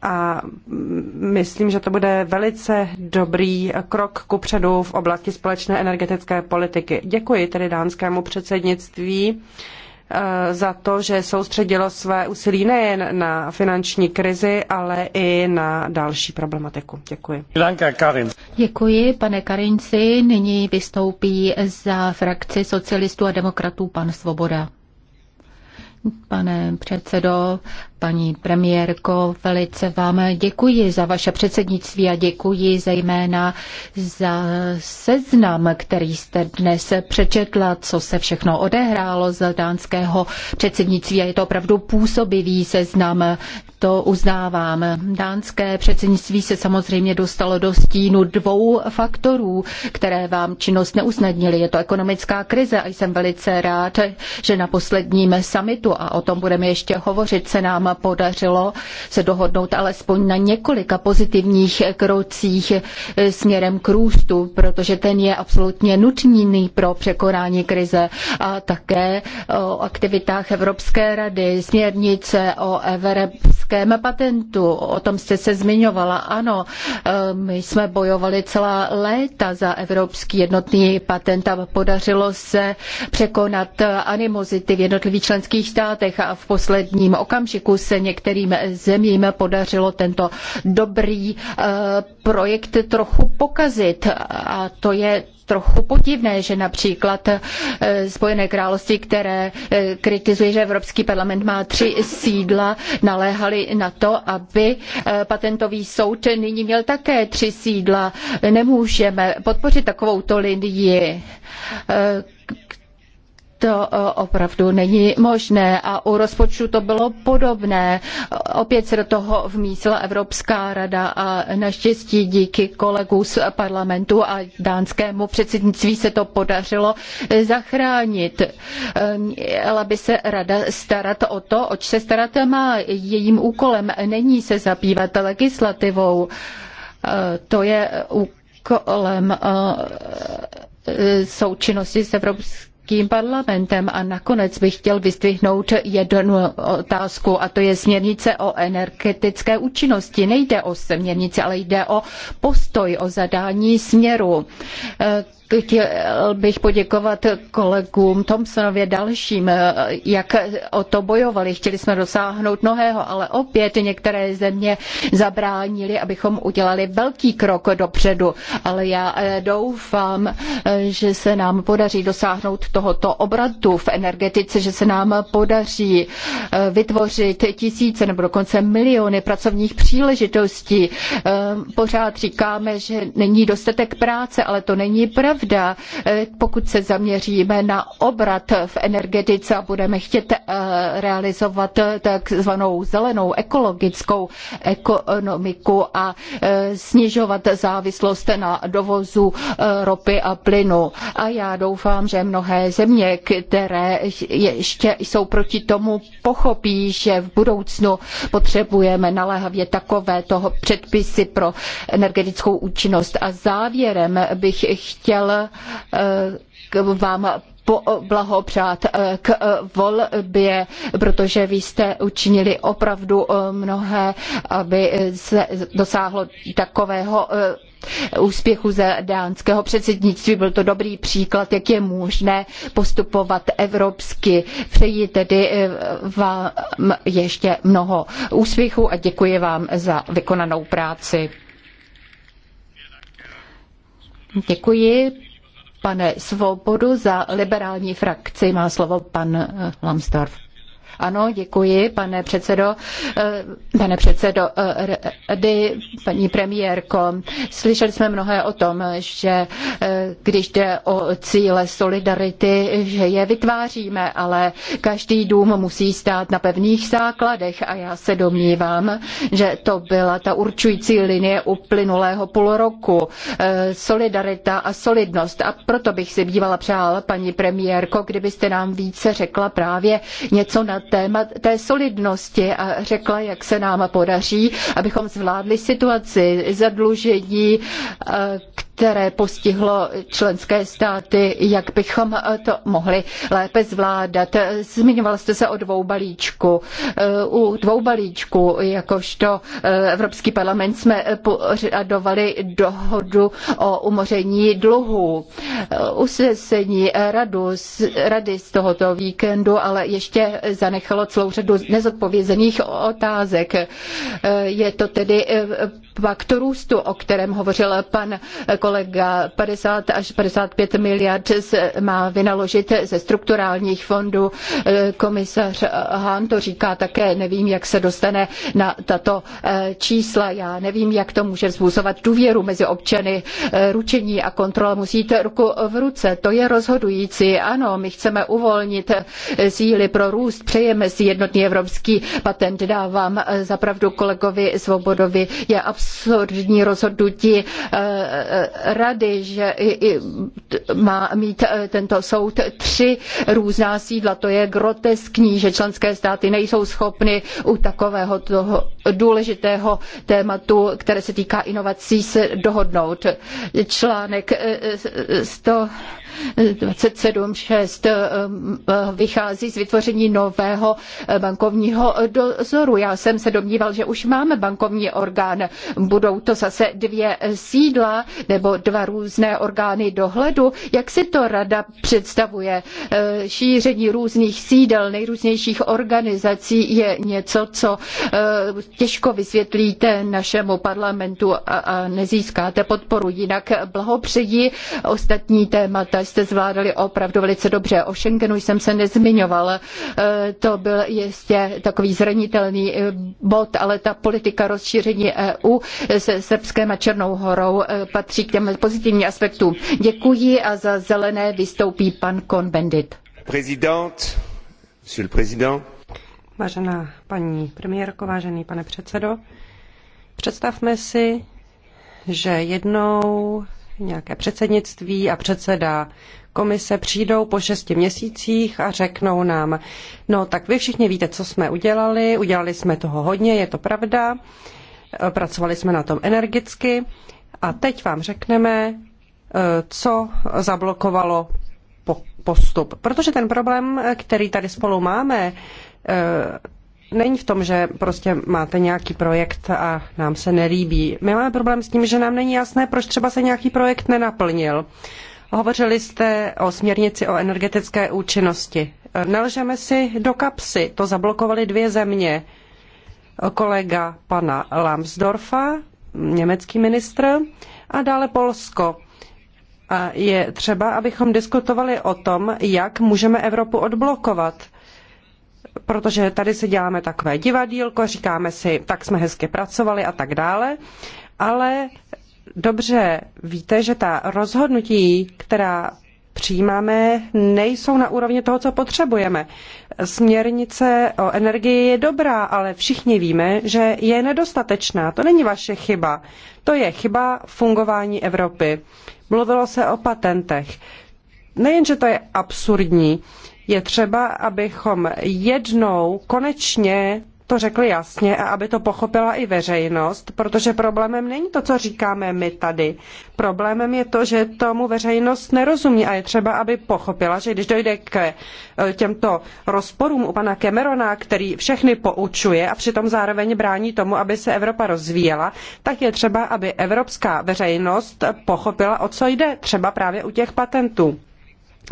a mm, myslím, že to bude velice dobrý krok ku předu v oblasti společné energetické politiky. Děkuji tedy dánskému předsednictví Eh, za to, že soustředilo své úsilí nejen na finanční krizi, ale i na další problematiku. Děkuji. Děkuji, pane Karinci. Nyní vystoupí za frakci socialistů a demokratů pan Svoboda. Pane předsedo, Paní premiérko, velice vám děkuji za vaše předsednictví a děkuji zejména za seznam, který jste dnes přečetla, co se všechno odehrálo z dánského předsednictví a je to opravdu působivý seznam, to uznávám. Dánské předsednictví se samozřejmě dostalo do stínu dvou faktorů, které vám činnost neusnadnily. Je to ekonomická krize a jsem velice rád, že na posledním summitu, a o tom budeme ještě hovořit, se nám nám podařilo se dohodnout alespoň na několika pozitivních krocích eh, směrem k růstu, protože ten je absolutně nutný pro překonání krize a také eh, o aktivitách Evropské rady, směrnice o evropském patentu, o tom jste se zmiňovala. Ano, eh, my jsme bojovali celá léta za evropský jednotný patent a podařilo se překonat animozity v jednotlivých členských státech a v posledním okamžiku se některým zemím podařilo tento dobrý eh, projekt trochu pokazit. A to je trochu podivné, že například eh, Spojené království, které eh, kritizuje, že Evropský parlament má tři sídla, naléhali na to, aby patentový soud nyní měl také tři sídla. Nemůžeme podpořit takovouto linii to e, opravdu není možné a u rozpočtu to bylo podobné. Opět se do toho vmísla Evropská rada a naštěstí díky kolegům z parlamentu a dánskému předsednictví se to podařilo zachránit. Měla by se rada starat o to, oč se starat má. Jejím úkolem není se zabývat legislativou. E, to je úkolem e, součinnosti s Evropskou Evropským parlamentem. A nakonec bych chtěl vystvihnout jednu otázku, a to je směrnice o energetické účinnosti. Nejde o směrnici, ale jde o postoj, o zadání směru. Chtěl bych poděkovat kolegům Thompsonově dalším, jak o to bojovali. Chtěli jsme dosáhnout mnohého, ale opět některé země zabránili, abychom udělali velký krok dopředu. Ale já eh, doufám, eh, že se nám podaří dosáhnout tohoto obratu v energetice, že se nám podaří eh, vytvořit tisíce nebo dokonce miliony pracovních příležitostí. Pořád říkáme, že není dostatek práce, ale to není pravda pravda, eh, pokud se zaměříme na obrat v energetice a budeme chtět eh, realizovat eh, takzvanou zelenou ekologickou ekonomiku a snižovat závislost na dovozu ropy a plynu. A já doufám, že mnohé země, které ještě jsou proti tomu, pochopí, že v budoucnu potřebujeme naléhavě takové toho předpisy pro energetickou účinnost. A závěrem bych chtěl chtěl eh, vám blahopřát eh, k eh, volbě, protože vy jste učinili opravdu mnohé, aby se dosáhlo takového úspěchu ze dánského předsednictví. Byl to dobrý příklad, jak je možné postupovat evropsky. Přeji tedy vám ještě mnoho úspěchů a děkuji vám za vykonanou práci. Děkuji pane Svobodu za liberální frakci. Má slovo pan eh, Lambsdorff. Ano, děkuji, pane předsedo. Eh, pane předsedo eh, rady, paní premiérko, slyšeli jsme mnohé o tom, že eh, když jde o cíle solidarity, že je vytváříme, ale každý dům musí stát na pevných základech a já se domnívám, že to byla ta určující linie uplynulého půl roku. Solidarita a solidnost. A proto bych si bývala přála, paní premiérko, kdybyste nám více řekla právě něco na téma té solidnosti a řekla, jak se nám podaří, abychom zvládli situaci zadlužení, které eh, které postihlo členské státy, jak bychom to mohli lépe zvládat. Zmiňoval jste se o dvou balíčku. U dvou balíčku, jakožto eh, Evropský parlament jsme pořadovali dohodu o umoření dluhu. Eh, usnesení radu, rady z tohoto víkendu, ale ještě zanechalo celou řadu nezodpovězených otázek. Eh, je to tedy paktu růstu, o kterém hovořil pan kolega. 50 až 55 miliard má vynaložit ze strukturálních fondů. Komisař Hahn to říká také, nevím, jak se dostane na tato eh, čísla. Já nevím, jak to může vzbuzovat důvěru mezi občany. Eh, ručení a kontrola musí jít ruku v ruce. To je rozhodující. Ano, my chceme uvolnit eh, síly pro růst. Přejeme si jednotný evropský patent. Dávám zapravdu kolegovi Svobodovi. Je absolutně absurdní rozhodnutí eh, eh, rady, že má mít eh, tento soud tři různá sídla. To je groteskní, že členské státy nejsou schopny u takového toho důležitého tématu, které se týká inovací, se dohodnout. Článek 127.6 vychází z vytvoření nového bankovního dozoru. Já jsem se domníval, že už máme bankovní orgán. Budou to zase dvě sídla nebo dva různé orgány dohledu? Jak si to rada představuje? Eh, šíření různých sídel, nejrůznějších organizací je něco, co eh, těžko vysvětlíte našemu parlamentu a nezískáte podporu. Jinak blahopředí ostatní témata jste zvládali opravdu velice dobře. O Schengenu jsem se nezmiňoval. Eh, to byl jistě takový zranitelný bod, ale ta politika rozšíření EU se Srbskem a Černou horou eh, patří k těm pozitivním aspektům. Děkuji a za zelené vystoupí pan Kohn-Bendit. Prezident, monsieur le président. Vážená paní premiérko, vážený pane předsedo, představme si, že jednou nějaké předsednictví a předseda komise přijdou po šesti měsících a řeknou nám, no tak vy všichni víte, co jsme udělali, udělali jsme toho hodně, je to pravda, Pracovali jsme na tom energicky a teď vám řekneme, eh, co zablokovalo postup. Protože ten problém, eh, který tady spolu máme, eh, není v tom, že prostě máte nějaký projekt a nám se nelíbí. My máme problém s tím, že nám není jasné, proč třeba se nějaký projekt nenaplnil. Hovořili jste o směrnici o energetické účinnosti. Nelžeme si do kapsy, to zablokovaly dvě země kolega pana Lambsdorfa, německý ministr, a dále Polsko. A je třeba, abychom diskutovali o tom, jak můžeme Evropu odblokovat protože tady si děláme takové divadílko, říkáme si, tak jsme hezky pracovali a tak dále, ale dobře víte, že ta rozhodnutí, která přijímáme, nejsou na úrovni toho, co potřebujeme. Směrnice o energii je dobrá, ale všichni víme, že je nedostatečná. To není vaše chyba. To je chyba fungování Evropy. Mluvilo se o patentech. Nejenže to je absurdní, je třeba, abychom jednou konečně to řekli jasně a aby to pochopila i veřejnost, protože problémem není to, co říkáme my tady. Problémem je to, že tomu veřejnost nerozumí a je třeba, aby pochopila, že když dojde k eh, těmto rozporům u pana Camerona, který všechny poučuje a přitom zároveň brání tomu, aby se Evropa rozvíjela, tak je třeba, aby evropská veřejnost pochopila, o co jde, třeba právě u těch patentů.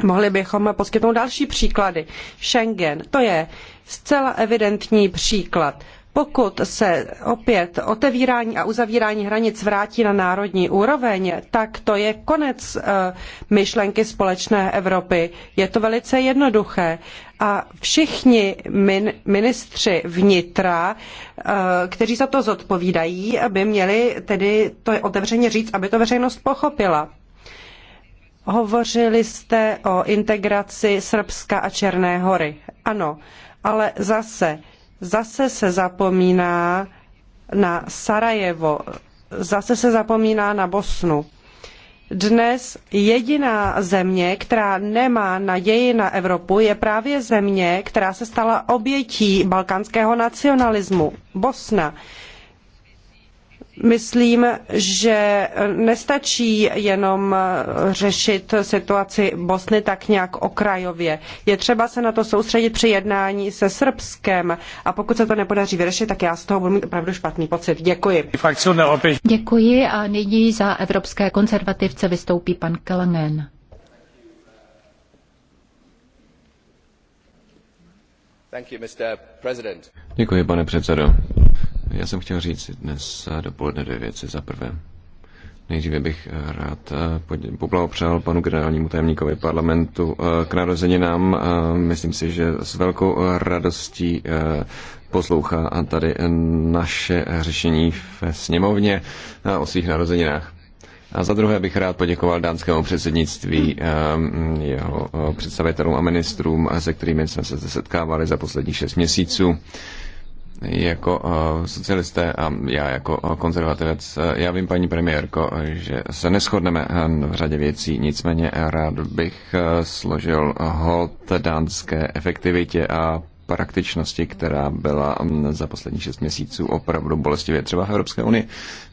Mohli bychom poskytnout další příklady. Schengen, to je zcela evidentní příklad. Pokud se opět otevírání a uzavírání hranic vrátí na národní úroveň, tak to je konec eh, myšlenky společné Evropy. Je to velice jednoduché. A všichni min, ministři vnitra, eh, kteří za to zodpovídají, by měli tedy to otevřeně říct, aby to veřejnost pochopila. Hovořili jste o integraci Srbska a Černé hory. Ano, ale zase, zase se zapomíná na Sarajevo, zase se zapomíná na Bosnu. Dnes jediná země, která nemá naději na Evropu, je právě země, která se stala obětí balkánského nacionalismu, Bosna. Myslím, že nestačí jenom řešit situaci Bosny tak nějak okrajově. Je třeba se na to soustředit při jednání se Srbskem a pokud se to nepodaří vyřešit, tak já z toho budu mít opravdu špatný pocit. Děkuji. Děkuji a nyní za evropské konzervativce vystoupí pan Kelenen. Děkuji, pane předsedo já jsem chtěl říct dnes dopoledne dvě věci. Za prvé, nejdříve bych rád eh, poblahopřál panu generálnímu tajemníkovi parlamentu eh, k narozeninám. Eh, myslím si, že s velkou radostí poslouchá a tady naše řešení ve sněmovně o svých narozeninách. A za druhé bych rád poděkoval dánskému předsednictví, jeho představitelům a ministrům, se kterými jsme se setkávali za posledních šest měsíců jako eh, socialisté a já jako eh, konzervativec, eh, já vím, paní premiérko, že se neschodneme v řadě věcí, nicméně rád bych složil hold dánské efektivitě a praktičnosti, která byla mm, za poslední šest měsíců opravdu bolestivě třeba v Evropské unii.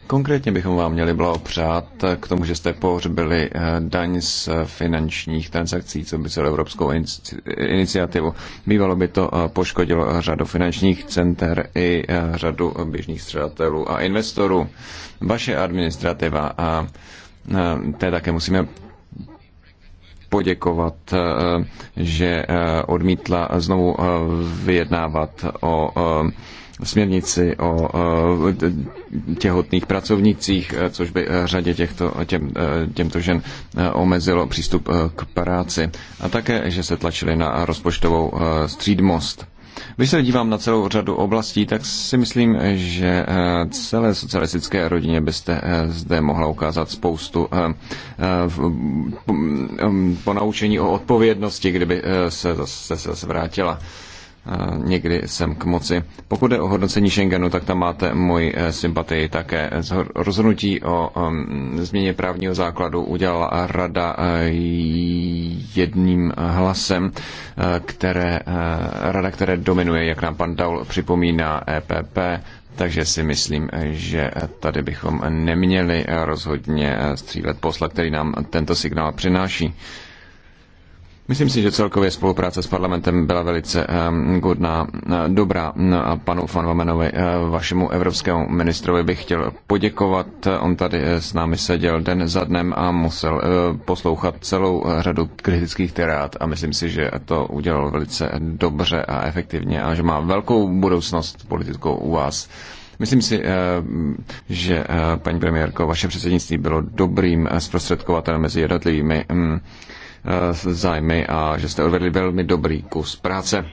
Konkrétně bychom vám měli blahopřát k tomu, že jste pohřbili eh, daň z finančních transakcí, co by celou evropskou iniciativu. Bývalo by to eh, poškodilo řadu finančních center i eh, řadu běžných střadatelů a investorů. Vaše administrativa a té také musíme poděkovat, eh, že eh, odmítla znovu eh, vyjednávat o směrnici o těhotných pracovnicích, což by řadě těchto, těm, těmto žen omezilo přístup k práci. A také, že se tlačili na rozpočtovou střídmost. Když se dívám na celou řadu oblastí, tak si myslím, že eh, celé socialistické rodině byste eh, zde mohla ukázat spoustu eh, mm, mm, ponaučení o odpovědnosti, kdyby se zase, se vrátila někdy sem k moci. Pokud je o hodnocení Schengenu, tak tam máte moji eh, sympatii také. Rozhodnutí o změně právního základu udělala rada eh, jedním hlasem, eh, které, rada, které dominuje, jak nám pan Daul připomíná, EPP, takže si myslím, že tady bychom neměli rozhodně střílet posla, který nám tento signál přináší. Myslím si, že celkově spolupráce s parlamentem byla velice ehm, godná, eh, dobrá. No a panu Vamenovi, eh, vašemu evropskému ministrovi, bych chtěl poděkovat. On tady eh, s námi seděl den za dnem a musel poslouchat celou řadu kritických terát a myslím si, že to udělal velice dobře a efektivně a že má velkou budoucnost politickou u vás. Myslím si, že paní premiérko, vaše předsednictví bylo dobrým zprostředkovatelem mezi jednotlivými mm, Eh, zájmy a že jste odvedli velmi dobrý kus práce.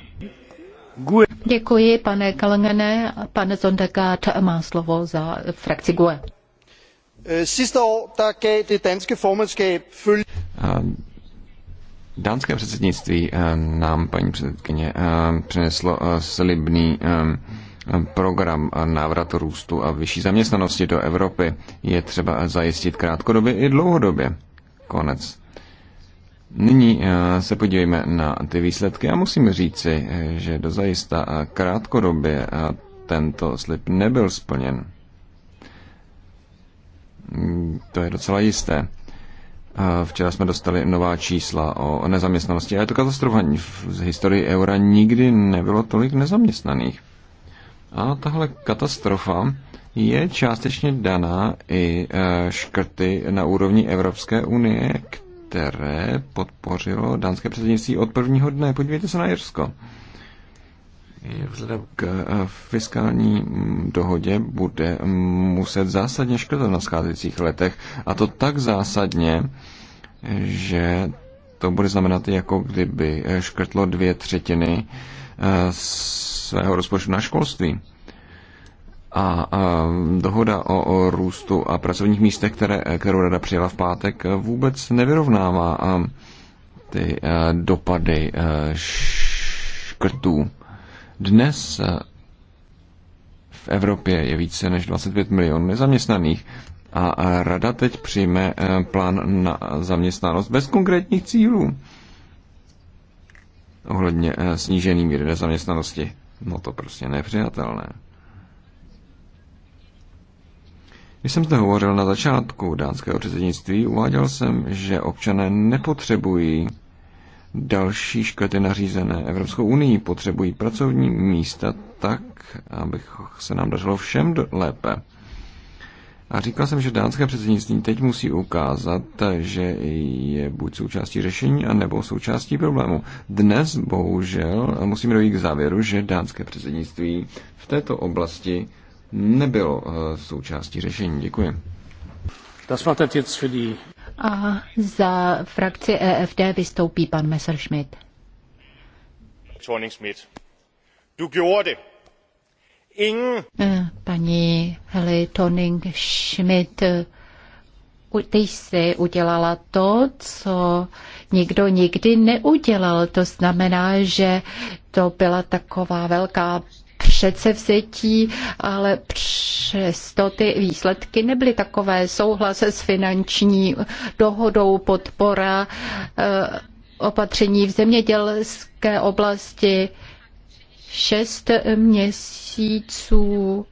Děkuji, pane Kalangene. Pane Zondagát má slovo za frakci GUE. Eh, dánské předsednictví eh, nám, paní předsedkyně, přineslo slibný program návratu růstu a vyšší zaměstnanosti do Evropy. Je třeba zajistit krátkodobě i dlouhodobě. Konec Nyní eh, se podívejme na ty výsledky a musím říci, eh, že do zajista eh, krátkodobě tento slib nebyl splněn. Mm, to je docela jisté. Včera jsme dostali nová čísla o nezaměstnanosti a je to katastrofa. V historii eura nikdy nebylo tolik nezaměstnaných. A tahle katastrofa je částečně daná i škrty na úrovni Evropské unie, které které podpořilo dánské předsednictví od prvního dne. Podívejte se na Jirsko. Vzhledem k eh, fiskální mm, dohodě bude muset zásadně škrtat na scházejících letech a to tak zásadně, že to bude znamenat, jako kdyby eh, škrtlo dvě třetiny eh, svého rozpočtu na školství a, a dohoda o, o růstu a pracovních místech, které, kterou rada přijela v pátek, vůbec nevyrovnává a ty a, dopady a, škrtů. Dnes v Evropě je více než 25 milionů nezaměstnaných a, a rada teď přijme plán na zaměstnanost bez konkrétních cílů ohledně snížení míry nezaměstnanosti. No to prostě nepřijatelné. Když jsem zde hovořil na začátku dánského předsednictví, uváděl jsem, že občané nepotřebují další škrty nařízené Evropskou unii, potřebují pracovní místa tak, aby se nám dařilo všem lépe. A říkal jsem, že dánské předsednictví teď musí ukázat, že je buď součástí řešení, anebo součástí problému. Dnes bohužel musíme dojít k závěru, že dánské předsednictví v této oblasti nebylo eh, součástí řešení. Děkuji. Das war das jetzt für die... A za frakci EFD vystoupí pan Messerschmidt. Schmidt. Du gjorde Ingen... Eh, paní Heli Toning Schmidt, eh, ty jsi udělala to, co nikdo nikdy neudělal. To znamená, že to byla taková velká přece vzetí, ale přesto ty výsledky nebyly takové. Souhlas s finanční dohodou, podpora eh, opatření v zemědělské oblasti, šest měsíců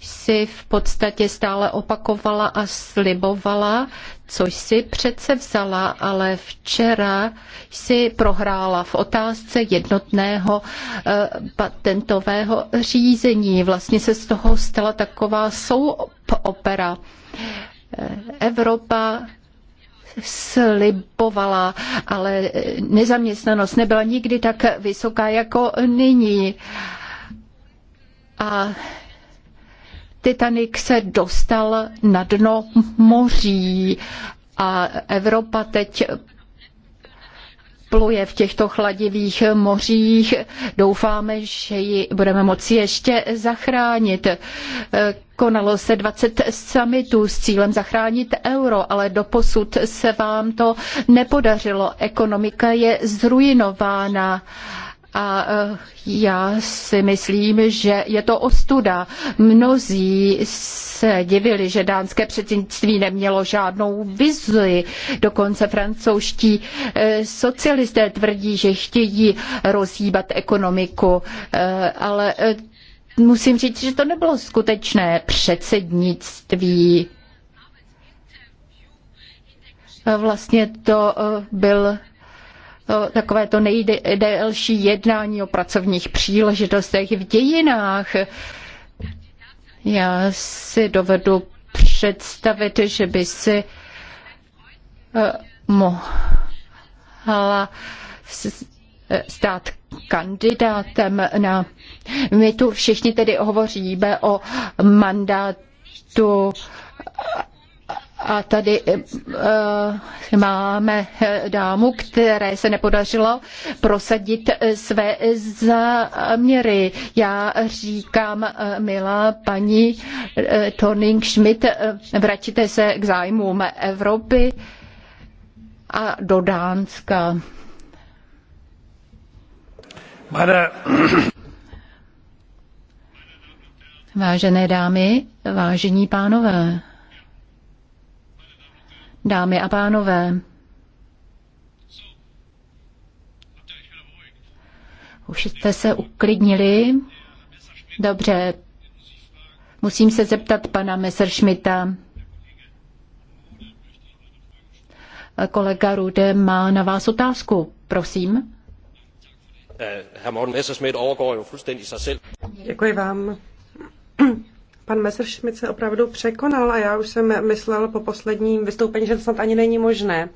si v podstatě stále opakovala a slibovala, což si přece vzala, ale včera si prohrála v otázce jednotného eh, patentového řízení. Vlastně se z toho stala taková soupopera. Eh, Evropa slibovala, ale eh, nezaměstnanost nebyla nikdy tak vysoká jako nyní. A Titanic se dostal na dno moří a Evropa teď pluje v těchto chladivých mořích. Doufáme, že ji budeme moci ještě zachránit. Konalo se 20 summitů s cílem zachránit euro, ale doposud se vám to nepodařilo. Ekonomika je zruinována. A eh, já si myslím, že je to ostuda. Mnozí se divili, že dánské předsednictví nemělo žádnou vizi. Dokonce francouzští eh, socialisté tvrdí, že chtějí rozhýbat ekonomiku. Eh, ale musím říct, že to nebylo skutečné předsednictví. Vlastně to byl takové to nejdelší jednání o pracovních příležitostech v dějinách. Já si dovedu představit, že by si eh, mohla stát kandidátem na... My tu všichni tedy hovoříme o mandátu a tady uh, máme eh, dámu, které se nepodařilo prosadit své záměry. Já říkám, milá paní uh, Toning Schmidt, uh, vraťte se k zájmům Evropy a do Dánska. Vážené dámy, vážení pánové. Dámy a pánové, už jste se uklidnili? Dobře. Musím se zeptat pana Messerschmitta. Kolega Rude má na vás otázku, prosím. Eh, Děkuji vám. Pan Messerschmidt se opravdu překonal a já už jsem myslel po posledním vystoupení, že to snad ani není možné.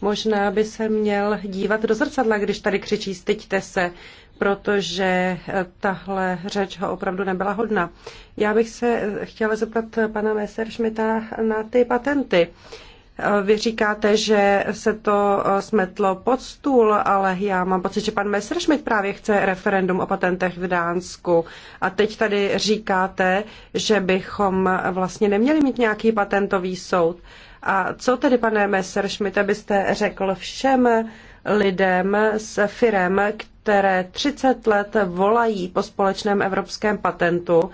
Možná by se měl dívat do zrcadla, když tady křičí styďte se, protože eh, tahle řeč ho opravdu nebyla hodna. Já bych se chtěla zeptat pana Messerschmitta na ty patenty. Uh, Eh, vy říkáte, že se to eh, smetlo pod stůl, ale já mám pocit, že pan Messerschmidt právě chce referendum o patentech v Dánsku. A teď tady říkáte, že bychom vlastně neměli mít nějaký patentový soud. A co tedy, pane Messerschmidt, byste řekl všem lidem s firem, které 30 let volají po společném evropském patentu,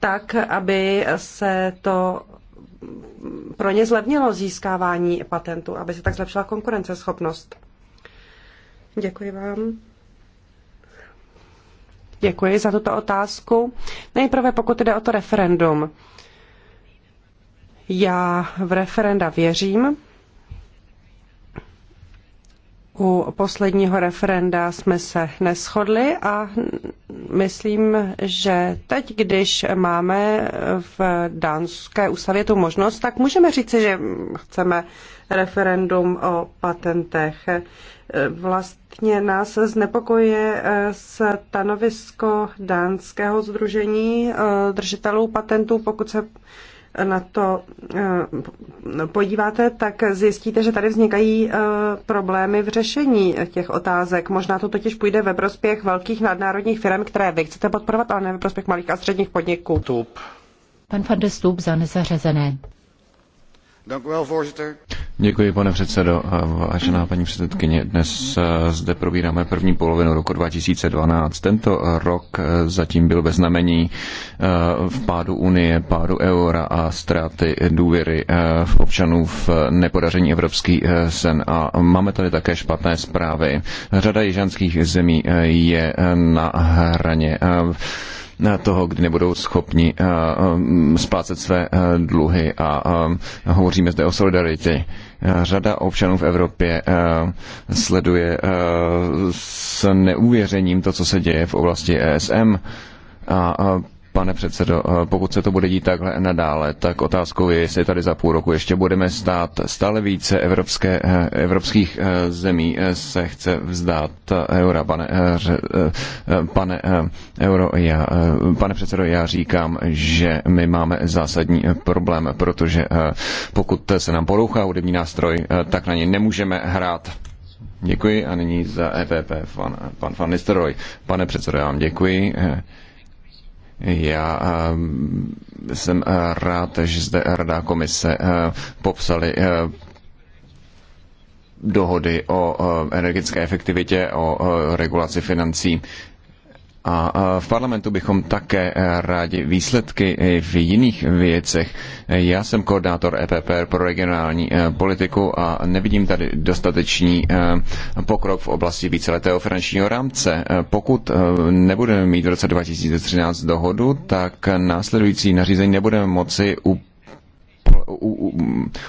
tak, aby se to pro ně zlevnilo získávání patentu, aby se tak zlepšila konkurenceschopnost. Děkuji vám. Děkuji za tuto otázku. Nejprve pokud jde o to referendum. Já v referenda věřím, u posledního referenda jsme se neschodli a myslím, že teď, když máme v dánské ústavě tu možnost, tak můžeme říci, že chceme referendum o patentech. Vlastně nás znepokojuje eh, stanovisko dánského združení eh, držitelů patentů, pokud se na to eh, podíváte, tak zjistíte, že tady vznikají eh, problémy v řešení těch otázek. Možná to totiž půjde ve prospěch velkých nadnárodních firm, které vy chcete podporovat, ale ne ve prospěch malých a středních podniků. Pan Fandestup za nezařazené. Děkuji, pane předsedo. Vážená paní předsedkyně, dnes eh, zde probíráme první polovinu roku 2012. Tento rok eh, zatím byl ve znamení eh, v pádu Unie, pádu eura a ztráty důvěry v občanů v nepodaření evropský sen. A máme tady také špatné zprávy. Řada jižanských zemí je na hraně Eh, toho, kdy nebudou schopni eh, eh, splácet své dluhy a hovoříme zde o solidaritě. Řada občanů v Evropě sleduje s neuvěřením to, co se děje v oblasti ESM a pane předsedo, eh, pokud se to bude dít takhle nadále, tak otázkou je, jestli tady za půl roku ještě budeme stát. Stále více evropské, eh, evropských eh, zemí se chce vzdát eura, pane, pane, euro, já, pane předsedo, já říkám, že my máme zásadní problém, protože pokud se nám porouchá hudební nástroj, tak na něj nemůžeme hrát. Děkuji a nyní za EPP pan, pan pan Nistelrooy. Pane předsedo, já vám děkuji. Já ehm, jsem eh, rád, že zde Rada komise eh, popsali eh, dohody o energetické efektivitě, o regulaci financí. A v parlamentu bychom také eh, rádi výsledky eh, v jiných věcech. Eh, já jsem koordinátor EPPR pro regionální politiku a nevidím tady dostatečný pokrok v oblasti víceletého finančního rámce. Pokud nebudeme mít v roce 2013 dohodu, tak následující nařízení nebudeme moci úplně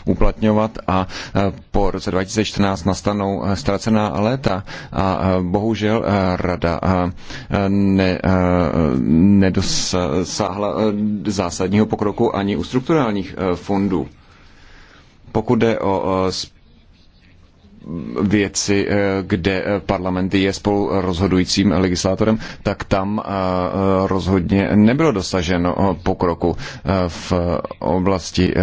uplatňovat a e, po roce 2014 nastanou e, ztracená léta a e, bohužel rada ne, nedosáhla zásadního pokroku ani u strukturálních fondů. Pokud jde o věci, eh, kde eh, parlament je spolu rozhodujícím legislátorem, tak tam eh, rozhodně nebylo dosaženo pokroku v oblasti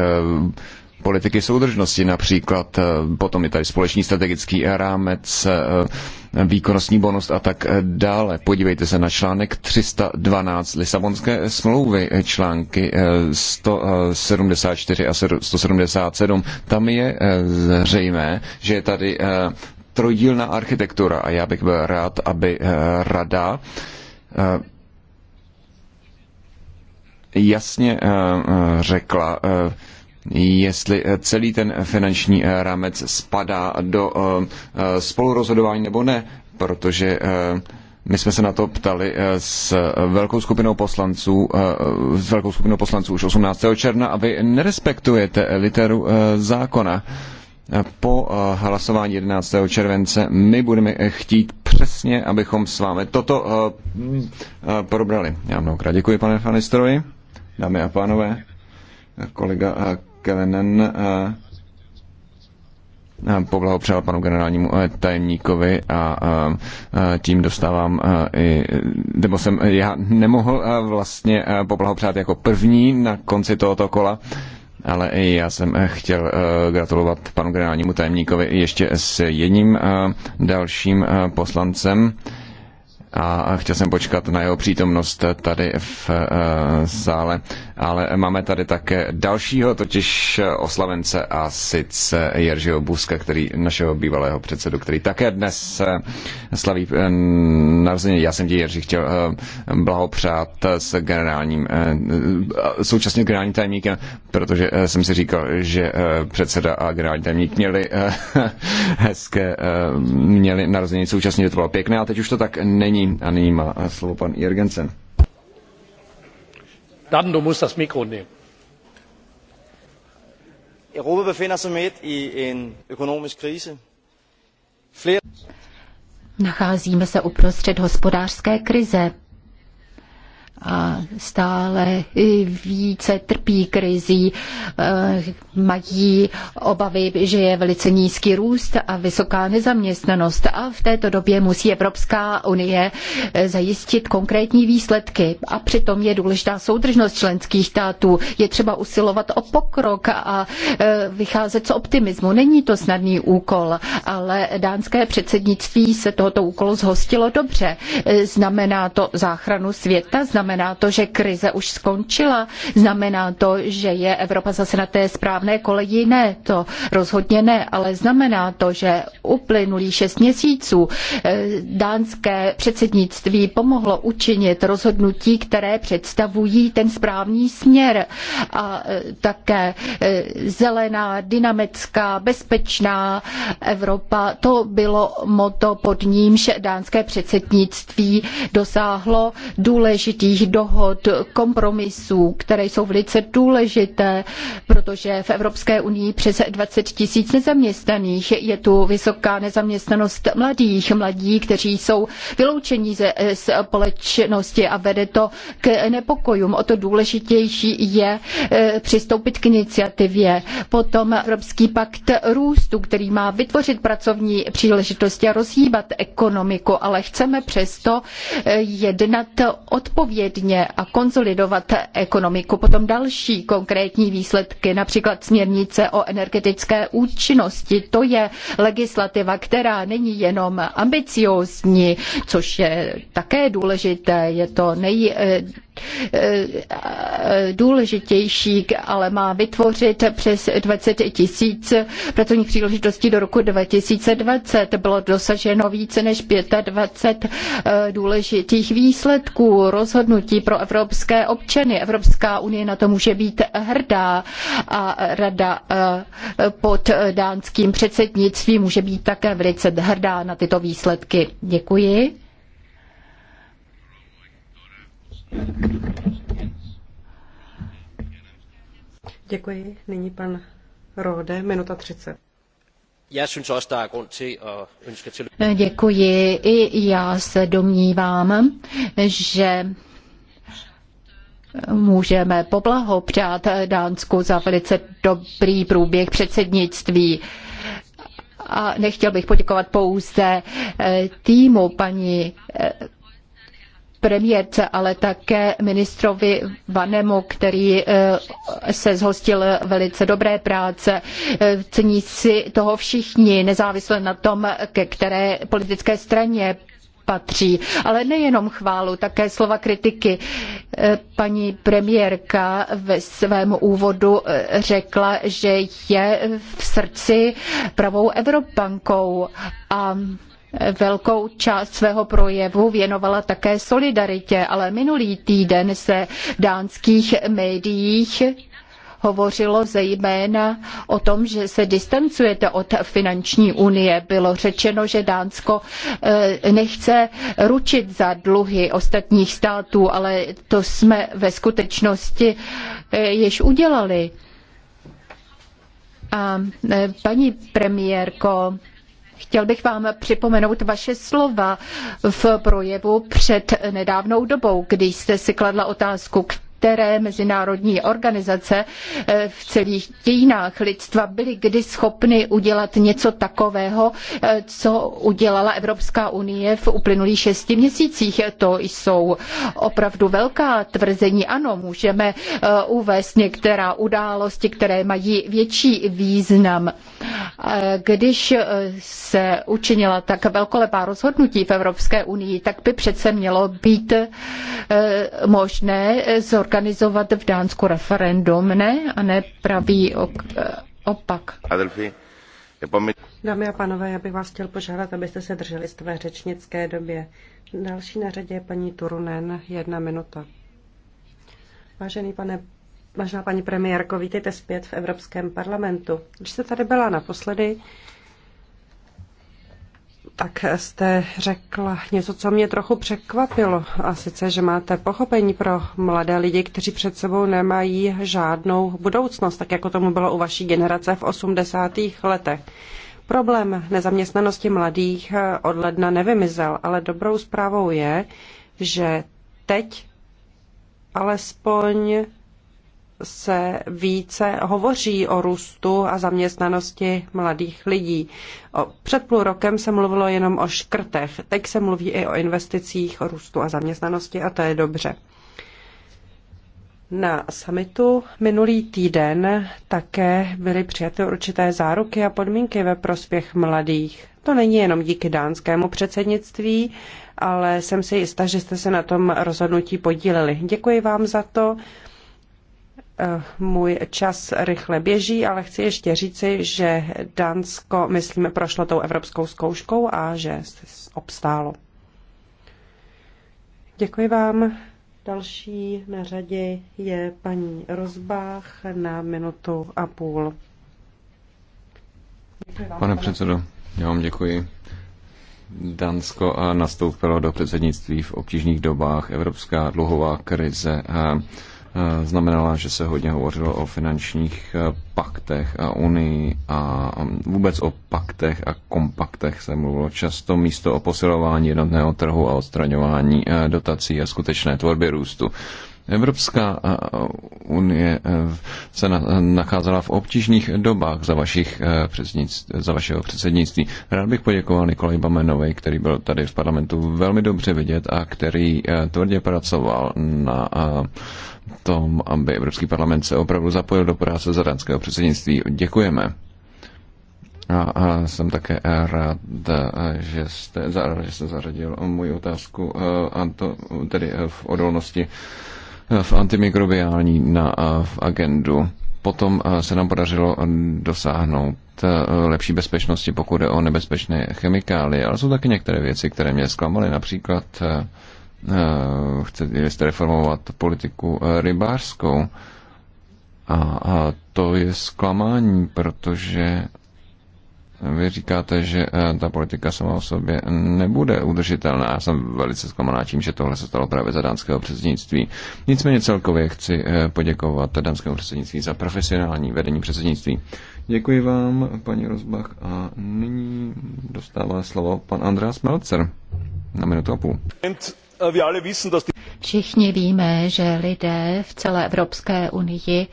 politiky soudržnosti například, eh, potom je tady společný strategický rámec, eh, výkonnostní bonus a tak dále. Podívejte se na článek 312 Lisabonské smlouvy, eh, články 174 a 177. Tam je zřejmé, že je tady trojdílná architektura a já bych byl rád, aby rada jasně řekla, jestli eh, celý ten finanční eh, rámec spadá do eh, spolurozhodování nebo ne, protože my jsme se na to ptali s velkou skupinou poslanců, s velkou skupinou poslanců už 18. června a vy nerespektujete literu zákona. Po hlasování 11. července my budeme chtít přesně, abychom s vámi toto hm, probrali. Já mnohokrát děkuji, pane Fanistrovi, dámy a pánové. Kolega Kellenen eh, eh, poblahopřál panu generálnímu eh, tajemníkovi a tím dostávám i, nebo jsem, já nemohl vlastně poblahopřát jako první na konci tohoto kola, ale i já jsem chtěl gratulovat panu generálnímu tajemníkovi ještě s jedním dalším poslancem, a chtěl jsem počkat na jeho přítomnost tady v eh, sále. Ale máme tady také dalšího, totiž oslavence a sice Jeržího Buska, který, našeho bývalého předsedu, který také dnes eh, slaví eh, narozeně. Já jsem ti, Jerži chtěl blahopřát s generálním, současně generálním tajemníkem, protože jsem si říkal, že předseda a generální tajemník měli hezké, měli narozeně současně, to bylo pěkné, ale teď už to tak není a nyní má slovo pan Jergensen. Dan, du musst das Mikro nehmen. Europa befinder sig midt i en økonomisk krise. Flere... Nacházíme se uprostřed hospodářské krize a stále více trpí krizí, eh, mají obavy, že je velice nízký růst a vysoká nezaměstnanost. A v této době musí Evropská unie eh, zajistit konkrétní výsledky. A přitom je důležitá soudržnost členských států. Je třeba usilovat o pokrok a eh, vycházet z optimismu. Není to snadný úkol, ale dánské předsednictví se tohoto úkolu zhostilo dobře. Znamená to záchranu světa, znamená Znamená to, že krize už skončila? Znamená to, že je Evropa zase na té správné koleji? Ne, to rozhodně ne, ale znamená to, že uplynulých šest měsíců eh, dánské předsednictví pomohlo učinit rozhodnutí, které představují ten správný směr a eh, také eh, zelená, dynamická, bezpečná Evropa. To bylo moto pod nímž dánské předsednictví dosáhlo důležitých politických dohod, kompromisů, které jsou velice důležité, protože v Evropské unii přes 20 tisíc nezaměstnaných je tu vysoká nezaměstnanost mladých, mladí, kteří jsou vyloučeni ze společnosti a vede to k nepokojům. O to důležitější je e, přistoupit k iniciativě. Potom Evropský pakt růstu, který má vytvořit pracovní příležitosti a rozhýbat ekonomiku, ale chceme přesto e, jednat odpovědně solidně a konsolidovat ekonomiku. Potom další konkrétní výsledky, například směrnice o energetické účinnosti. To je legislativa, která není jenom ambiciózní, což je také důležité. Je to nej eh, Eh, důležitější, ale má vytvořit přes 20 tisíc pracovních příležitostí do roku 2020. Bylo dosaženo více než 25 eh, důležitých výsledků rozhodnutí pro evropské občany. Evropská unie na to může být hrdá a rada eh, pod dánským předsednictvím může být také velice hrdá na tyto výsledky. Děkuji. Děkuji. Nyní pan Rode, minuta 30. Er eh, děkuji. I já se domnívám, že můžeme poblahopřát Dánsku za velice dobrý průběh předsednictví a nechtěl bych poděkovat pouze eh, týmu paní eh, premiérce, ale také ministrovi Vanemu, který eh, se zhostil velice dobré práce. Eh, cení si toho všichni, nezávisle na tom, ke které politické straně patří. Ale nejenom chválu, také slova kritiky. Eh, paní premiérka ve svém úvodu řekla, že je v srdci pravou Evropankou a velkou část svého projevu věnovala také solidaritě, ale minulý týden se v dánských médiích hovořilo zejména o tom, že se distancujete od finanční unie. Bylo řečeno, že Dánsko eh, nechce ručit za dluhy ostatních států, ale to jsme ve skutečnosti eh, již udělali. A eh, paní premiérko, Chtěl bych vám připomenout vaše slova v projevu před nedávnou dobou, kdy jste si kladla otázku, které mezinárodní organizace eh, v celých dějinách lidstva byly kdy schopny udělat něco takového, eh, co udělala Evropská unie v uplynulých šesti měsících. To jsou opravdu velká tvrzení. Ano, můžeme eh, uvést některá události, které mají větší význam. Když se učinila tak velkolepá rozhodnutí v Evropské unii, tak by přece mělo být možné zorganizovat Organizovat v Dánsku referendum, ne? A ne pravý opak. Dámy a pánové, já bych vás chtěl požádat, abyste se drželi tvé řečnické době. Další na řadě je paní Turunen, jedna minuta. Vážený pane Vážená paní premiérko, vítejte zpět v Evropském parlamentu. Když jste tady byla naposledy, tak jste řekla něco, co mě trochu překvapilo. A sice, že máte pochopení pro mladé lidi, kteří před sebou nemají žádnou budoucnost, tak jako tomu bylo u vaší generace v 80. letech. Problém nezaměstnanosti mladých eh, od ledna nevymizel, ale dobrou zprávou je, že teď alespoň se více hovoří o růstu a zaměstnanosti mladých lidí. Před půl rokem se mluvilo jenom o škrtech, teď se mluví i o investicích, o růstu a zaměstnanosti a to je dobře. Na samitu minulý týden také byly přijaty určité záruky a podmínky ve prospěch mladých. To není jenom díky dánskému předsednictví, ale jsem si jistá, že jste se na tom rozhodnutí podíleli. Děkuji vám za to. Eh, můj čas rychle běží, ale chci ještě říci, že Dánsko, myslím, prošlo tou evropskou zkouškou a že obstálo. Děkuji vám. Další na řadě je paní Rozbách na minutu a půl. Vám, pane předsedo, já vám děkuji. Dánsko eh, nastoupilo do předsednictví v obtížných dobách. Evropská dluhová krize eh, Eh, znamenala, že se hodně hovořilo o finančních eh, paktech a unii a mm, vůbec o paktech a kompaktech se mluvilo často místo o posilování jednotného trhu a odstraňování eh, dotací a skutečné tvorby růstu. Evropská eh, unie eh, se nacházela v obtížných dobách za, vašich eh, za vašeho předsednictví. Rád bych poděkoval Nikolaj Bamenovi, který byl tady v parlamentu velmi dobře vidět a který tvrdě pracoval na tom, aby Evropský parlament se opravdu zapojil do práce zadánského předsednictví. Děkujeme. A, a jsem také rád, že jste, že jste zařadil moji otázku, a to, tedy v odolnosti v antimikrobiální na v agendu. Potom se nám podařilo dosáhnout e, lepší bezpečnosti, pokud je o nebezpečné chemikálie, ale jsou taky některé věci, které mě zklamaly. Například e, e, chcete jste reformovat politiku rybářskou a, a to je zklamání, protože vy říkáte, že eh, ta politika sama o sobě nebude udržitelná. Já jsem velice zklamaná tím, že tohle se stalo právě za dánského předsednictví. Nicméně celkově chci eh, poděkovat dánskému předsednictví za profesionální vedení předsednictví. Děkuji vám, paní Rozbach, a nyní dostává slovo pan Andreas Melcer na minutu a půl. Všichni víme, že lidé v celé Evropské unii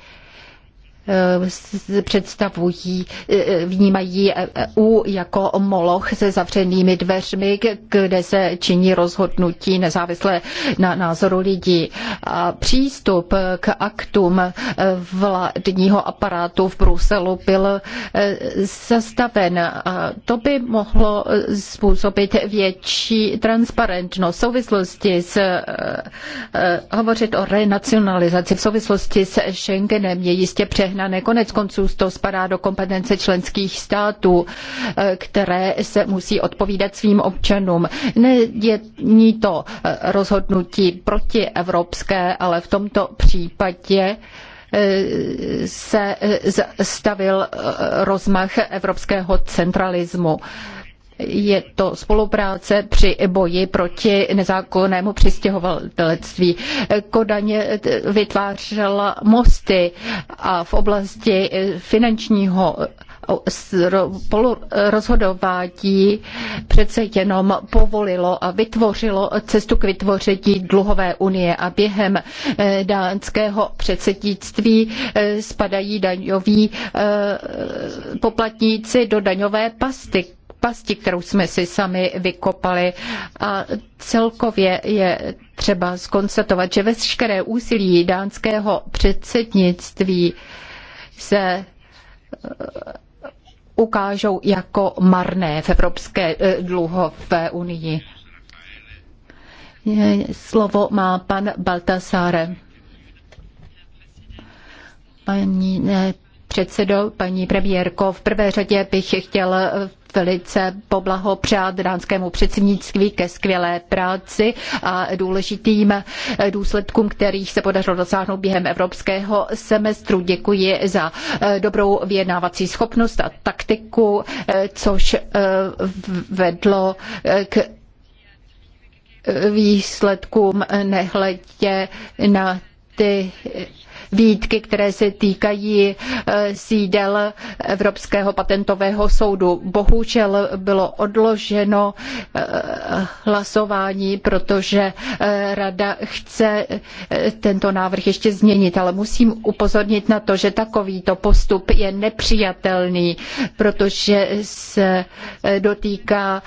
Eh, představují, eh, vnímají EU jako moloch se zavřenými dveřmi, kde se činí rozhodnutí nezávisle na názoru lidí. A přístup k aktům vládního aparátu v Bruselu byl eh, zastaven. A to by mohlo způsobit větší transparentnost v souvislosti s hovořit o renacionalizaci v souvislosti s Schengenem je jistě přehnané přehnané. Konec konců to spadá do kompetence členských států, eh, které se musí odpovídat svým občanům. Není to eh, rozhodnutí protievropské, ale v tomto případě eh, se stavil rozmach evropského centralismu. Je to spolupráce při boji proti nezákonnému přistěhovatelství. Kodaň vytvářela mosty a v oblasti finančního rozhodování přece jenom povolilo a vytvořilo cestu k vytvoření dluhové unie a během dánského předsednictví spadají daňoví poplatníci do daňové pasty pasti, kterou jsme si sami vykopali. A celkově je třeba skonstatovat, že veškeré úsilí dánského předsednictví se eh, ukážou jako marné v Evropské eh, dluhové unii. Slovo má pan Baltasáre. Paní předsedo, paní premiérko, v prvé řadě bych chtěl eh, velice poblahopřát dánskému předsednictví ke skvělé práci a důležitým důsledkům, kterých se podařilo dosáhnout během evropského semestru. Děkuji za eh, dobrou vyjednávací schopnost a taktiku, eh, což eh, vedlo k výsledkům nehledě na ty výtky, které se týkají eh, sídel Evropského patentového soudu. Bohužel bylo odloženo eh, hlasování, protože eh, rada chce tento návrh ještě změnit, ale musím upozornit na to, že takovýto postup je nepřijatelný, protože se dotýká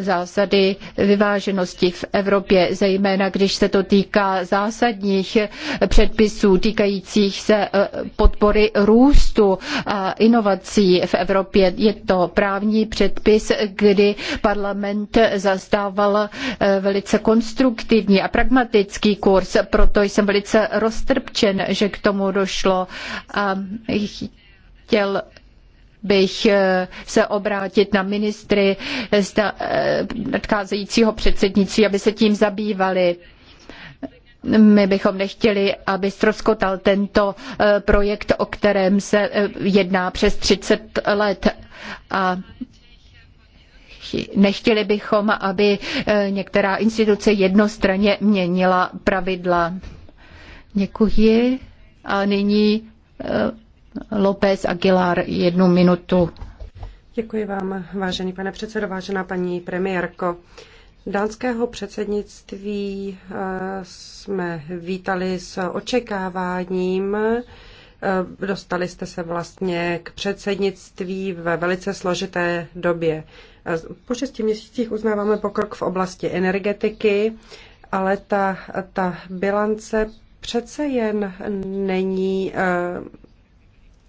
zásady vyváženosti v Evropě, zejména když se to týká zásadních předpisů týkajících týkajících se e, podpory růstu a inovací v Evropě. Je to právní předpis, kdy parlament zastával e, velice konstruktivní a pragmatický kurz, proto jsem velice roztrpčen, že k tomu došlo. A chtěl bych e, se obrátit na ministry nadcházejícího předsednictví, aby se tím zabývali. My bychom nechtěli, aby stroskotal tento eh, projekt, o kterém se eh, jedná přes 30 let. A nechtěli bychom, aby eh, některá instituce jednostranně měnila pravidla. Děkuji. A nyní López Aguilar jednu minutu. Děkuji vám, vážený pane předsedo, vážená paní premiérko dánského předsednictví eh, jsme vítali s očekáváním. Eh, dostali jste se vlastně k předsednictví ve velice složité době. Eh, po šesti měsících uznáváme pokrok v oblasti energetiky, ale ta, ta bilance přece jen není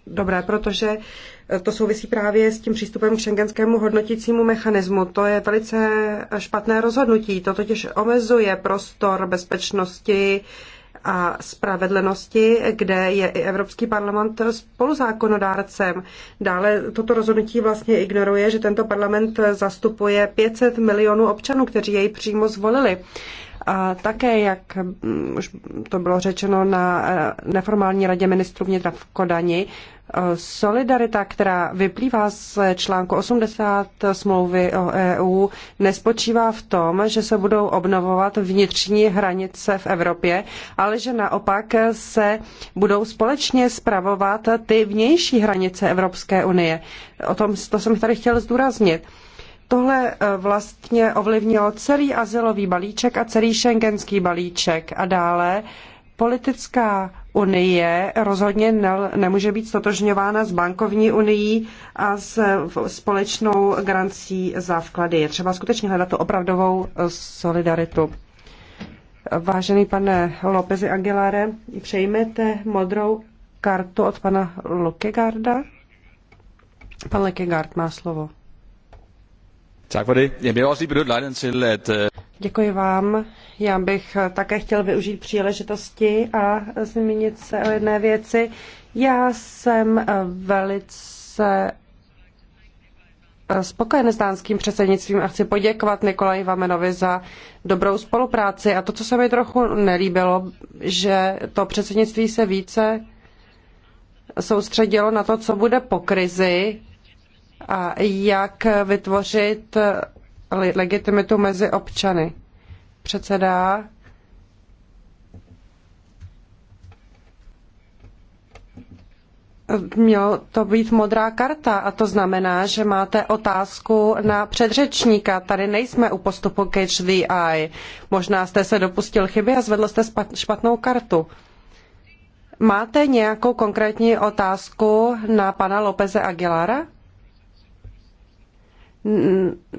dobré, protože eh, to souvisí právě s tím přístupem k šengenskému hodnotícímu mechanismu. To je velice špatné rozhodnutí. To totiž omezuje prostor bezpečnosti a spravedlnosti, kde je i Evropský parlament spoluzákonodárcem. Dále toto rozhodnutí vlastně ignoruje, že tento parlament zastupuje 500 milionů občanů, kteří jej přímo zvolili. A také, jak mm, už to bylo řečeno na eh, neformální radě ministrů vnitra v Kodani, eh, solidarita, která vyplývá z článku 80 smlouvy o EU, nespočívá v tom, že se budou obnovovat vnitřní hranice v Evropě, ale že naopak se budou společně spravovat ty vnější hranice Evropské unie. O tom to jsem tady chtěl zdůraznit. Tohle eh, vlastně ovlivnilo celý azylový balíček a celý šengenský balíček. A dále politická unie rozhodně ne, nemůže být stotožňována s bankovní unii a s společnou garancí za vklady. Je třeba skutečně hledat tu opravdovou eh, solidaritu. Vážený pane Lopezi Aguilare, přejmete modrou kartu od pana Lokegarda? Pan Lekegard má slovo. Øh, Děkuji vám. Já bych eh, také chtěl využít příležitosti a eh, zmínit se o jedné věci. Já jsem eh, velice spokojen s dánským předsednictvím a chci poděkovat Nikolaji Vamenovi za dobrou spolupráci. A to, co se mi trochu nelíbilo, že to předsednictví se více soustředilo na to, co bude po krizi, a jak vytvořit legitimitu mezi občany. Předseda mělo to být modrá karta a to znamená, že máte otázku na předřečníka. Tady nejsme u postupu Catch the Eye. Možná jste se dopustil chyby a zvedl jste špatnou kartu. Máte nějakou konkrétní otázku na pana Lopeze Aguilara?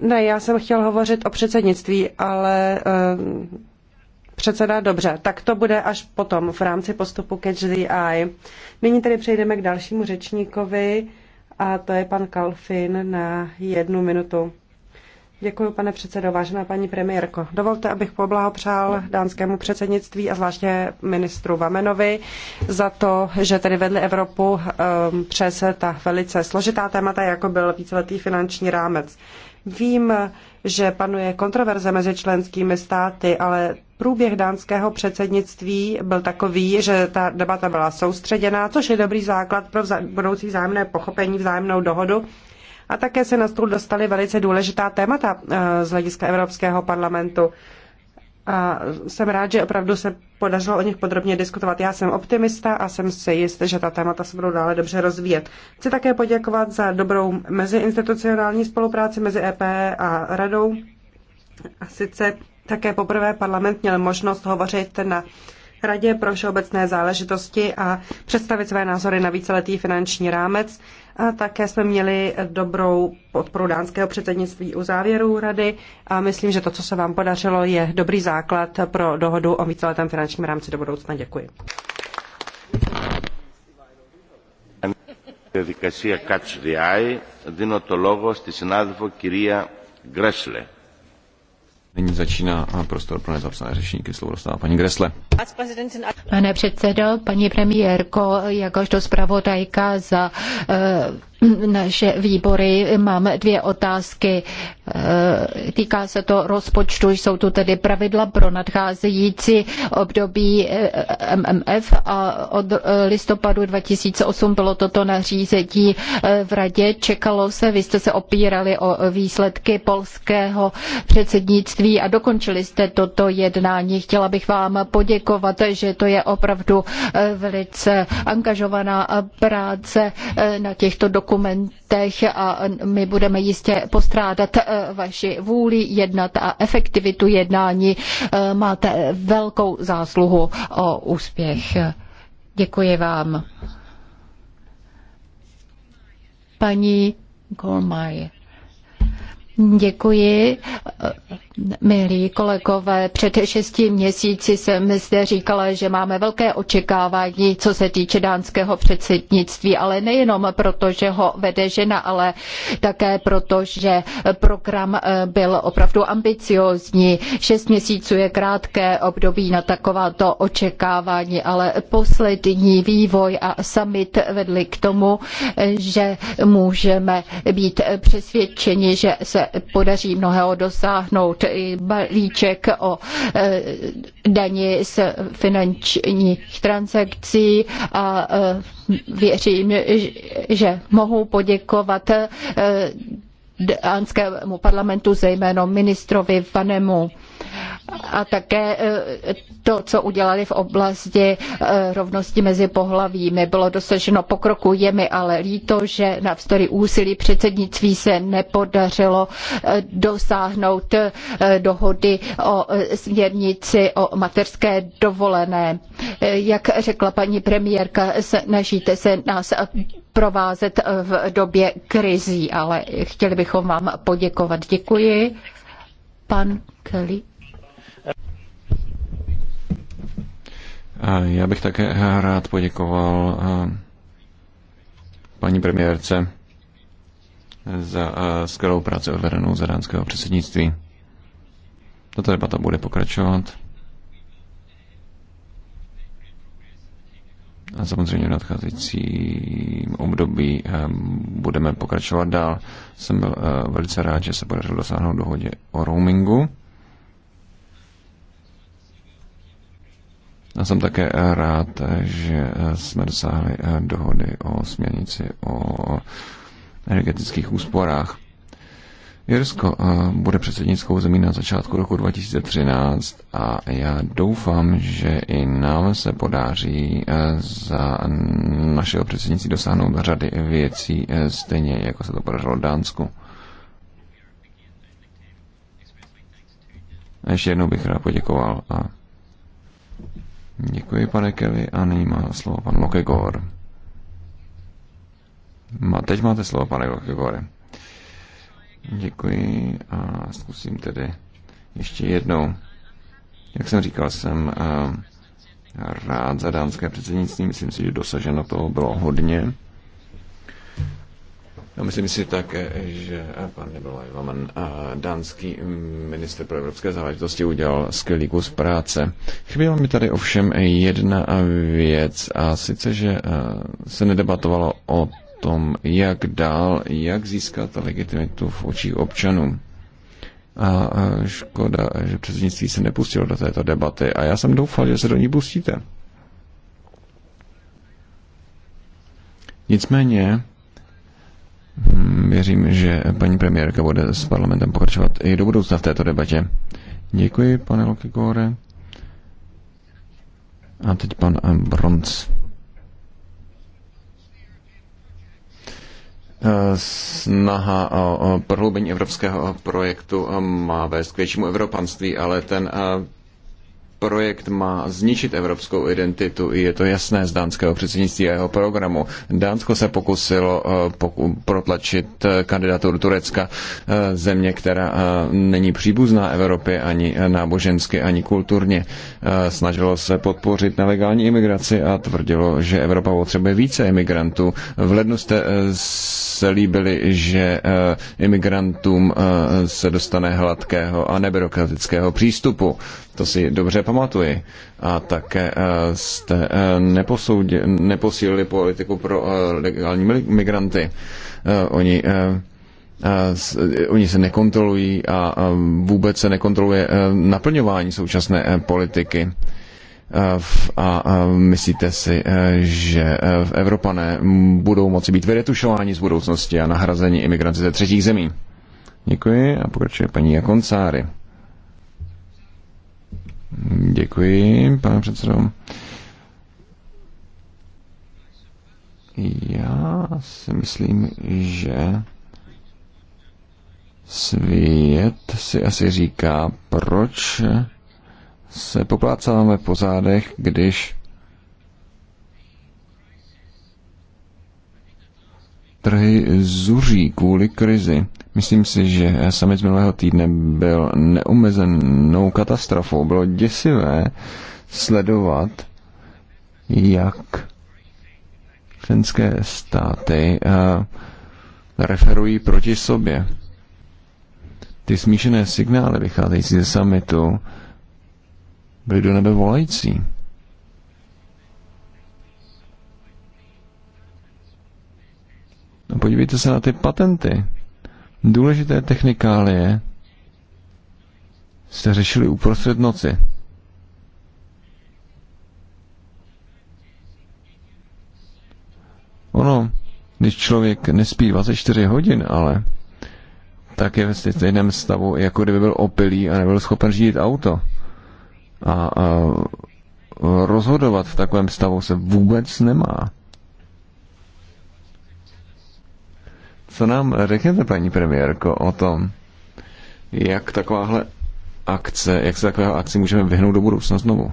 Ne, já jsem chtěl hovořit o předsednictví, ale eh, předseda, dobře, tak to bude až potom v rámci postupu Catch the Eye. Nyní tedy přejdeme k dalšímu řečníkovi a to je pan Kalfin na jednu minutu. Děkuji, pane předsedo. Vážená paní premiérko, dovolte, abych poblahopřál dánskému předsednictví a zvláště ministru Vamenovi za to, že tedy vedli Evropu ehm, přes ta velice složitá témata, jako byl víceletý finanční rámec. Vím, že panuje kontroverze mezi členskými státy, ale průběh dánského předsednictví byl takový, že ta debata byla soustředěná, což je dobrý základ pro budoucí vzájemné pochopení, vzájemnou dohodu a také se na stůl dostaly velice důležitá témata eh, z hlediska Evropského parlamentu. A jsem rád, že opravdu se podařilo o nich podrobně diskutovat. Já jsem optimista a jsem si jist, že ta témata se budou dále dobře rozvíjet. Chci také poděkovat za dobrou meziinstitucionální spolupráci mezi EP a radou. A sice také poprvé parlament měl možnost hovořit na uh, Radě pro všeobecné záležitosti a představit své názory na víceletý finanční rámec. A také jsme měli dobrou podporu dánského předsednictví u závěrů rady a myslím, že to, co se vám podařilo, je dobrý základ pro dohodu o víceletém finančním rámci do budoucna. Děkuji. διαδικασία Catch the Eye δίνω το λόγο στη συνάδελφο κυρία Γκρέσλε. Nyní začíná prostor pro nezapsané řešení Slovo dostává paní Gresle. Pane předsedo, paní premiérko, jakožto zpravodajka za uh, naše výbory. Mám dvě otázky. Eh, týká se to rozpočtu, jsou tu tedy pravidla pro nadcházející období eh, MMF a od eh, listopadu 2008 bylo toto nařízení v radě. Čekalo se, vy jste se opírali o výsledky polského předsednictví a dokončili jste toto jednání. Chtěla bych vám poděkovat, že to je opravdu velice angažovaná práce na těchto dokumentech dokumentech a my budeme jistě postrádat eh, vaši vůli jednat a efektivitu jednání. Eh, máte velkou zásluhu o úspěch. Děkuji vám. Paní Golmaj. Děkuji. Milí kolegové, před šesti měsíci jsem zde říkala, že máme velké očekávání, co se týče dánského předsednictví, ale nejenom proto, že ho vede žena, ale také proto, že program eh, byl opravdu ambiciózní. Šest měsíců je krátké období na takováto očekávání, ale poslední vývoj a summit vedli k tomu, že můžeme být přesvědčeni, že se podaří mnohého dosáhnout balíček o eh, dani z finančních transakcí a eh, věřím, že mohu poděkovat eh, dánskému parlamentu, zejména ministrovi Vanemu. A také e, to, co udělali v oblasti e, rovnosti mezi pohlavími, bylo dosaženo pokroku. Je mi ale líto, že navzdory úsilí předsednictví se nepodařilo e, dosáhnout dohody o směrnici o materské dovolené. Jak řekla paní premiérka, snažíte se nás provázet eh, v době krizí, ale chtěli bychom vám poděkovat. Děkuji. Pan Kelly. Já bych také rád poděkoval eh, paní premiérce za eh, skvělou práci odvedenou za dánského předsednictví. Tato debata bude pokračovat. A samozřejmě v nadcházejícím období eh, budeme pokračovat dál. Jsem byl eh, velice rád, že se podařilo dosáhnout dohodě o roamingu. A jsem také eh, rád, že jsme dosáhli dohody o směrnici o energetických úsporách. Jirsko bude předsednickou zemí na začátku roku 2013 a já doufám, že i nám se podaří e, za našeho předsednictví dosáhnout řady věcí, e, stejně jako se to podařilo Dánsku. A ještě jednou bych rád poděkoval a děkuji pane Kelly a nyní má slovo pan Lokegor. Ma, teď máte slovo, pane Lokegore. Děkuji a zkusím tedy ještě jednou. Jak jsem říkal, jsem eh, rád za dánské předsednictví. Myslím si, že dosaženo toho bylo hodně. A myslím si také, že eh, pan Nikolaj Vaman, eh, dánský mm, minister pro evropské záležitosti, udělal skvělý kus práce. Chyběla mi tady ovšem jedna věc, a sice, že se nedebatovalo o tom, jak dál, jak získat legitimitu v očích občanů. A škoda, že předsednictví se nepustilo do této debaty a já jsem doufal, že se do ní pustíte. Nicméně hm, věřím, že paní premiérka bude s parlamentem pokračovat i do budoucna v této debatě. Děkuji, pane Lokikore. A teď pan Bronz. snaha o prohloubení evropského projektu má vést k většímu evropanství, ale ten projekt má zničit evropskou identitu. Je to jasné z dánského předsednictví a jeho programu. Dánsko se pokusilo eh, poku- protlačit eh, kandidaturu Turecka, eh, země, která není příbuzná Evropě ani nábožensky, ani kulturně. Snažilo se podpořit nelegální imigraci a tvrdilo, že Evropa potřebuje více imigrantů. V lednu jste se líbili, že imigrantům se dostane hladkého a nebyrokratického přístupu. To si dobře pamatuji. A také eh, jste eh, neposílili politiku pro eh, legální migranty. Oni oni se nekontrolují a vůbec se nekontroluje naplňování současné politiky. A myslíte si, že v Evropané budou moci být vyretušováni z budoucnosti a nahrazeni imigranci ze třetích zemí? Děkuji a pokračuje paní Jakoncáry. Děkuji, pane předsedo. Já si myslím, že svět si asi říká, proč se poplácáváme po zádech, když trhy zuří kvůli krizi. Myslím si, že sami z minulého týdne byl neumezenou katastrofou. Bylo děsivé sledovat, jak členské státy eh, referují proti sobě. Ty smíšené signály vycházející ze summitu byly do nebe volající. No podívejte se na ty patenty. Důležité technikálie se řešili uprostřed noci. Ono, když člověk nespí 24 hodin, ale tak je ve stejném stavu, jako kdyby byl opilý a nebyl schopen řídit auto. A, a rozhodovat v takovém stavu se vůbec nemá. Co nám řeknete, paní premiérko, o tom, jak takováhle akce, jak se takového akci můžeme vyhnout do budoucna znovu?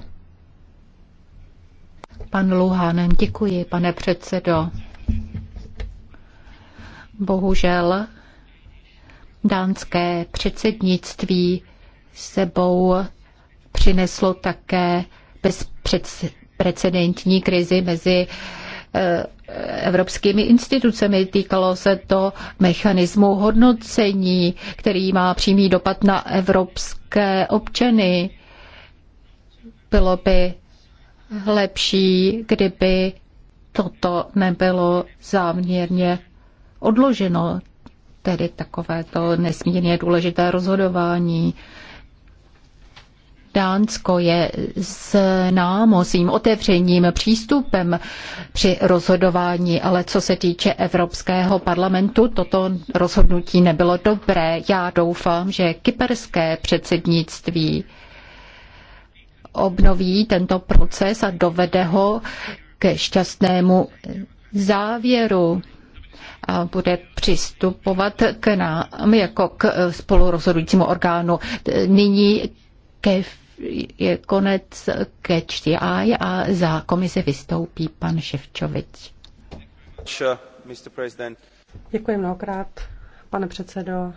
Pan Luhánem, děkuji, pane předsedo. Bohužel dánské předsednictví sebou přineslo také bezprecedentní krizi mezi Eh, evropskými institucemi. Týkalo se to mechanismu hodnocení, který má přímý dopad na evropské občany. Bylo by lepší, kdyby toto nebylo záměrně odloženo, tedy takovéto nesmírně důležité rozhodování. Dánsko je známo svým otevřením přístupem při rozhodování, ale co se týče Evropského parlamentu, toto rozhodnutí nebylo dobré. Já doufám, že kyperské předsednictví obnoví tento proces a dovede ho ke šťastnému závěru a bude přistupovat k nám jako k spolurozhodujícímu orgánu. Nyní ke, je konec ke čtyři a za komise vystoupí pan Ševčovič. Děkuji mnohokrát, pane předsedo,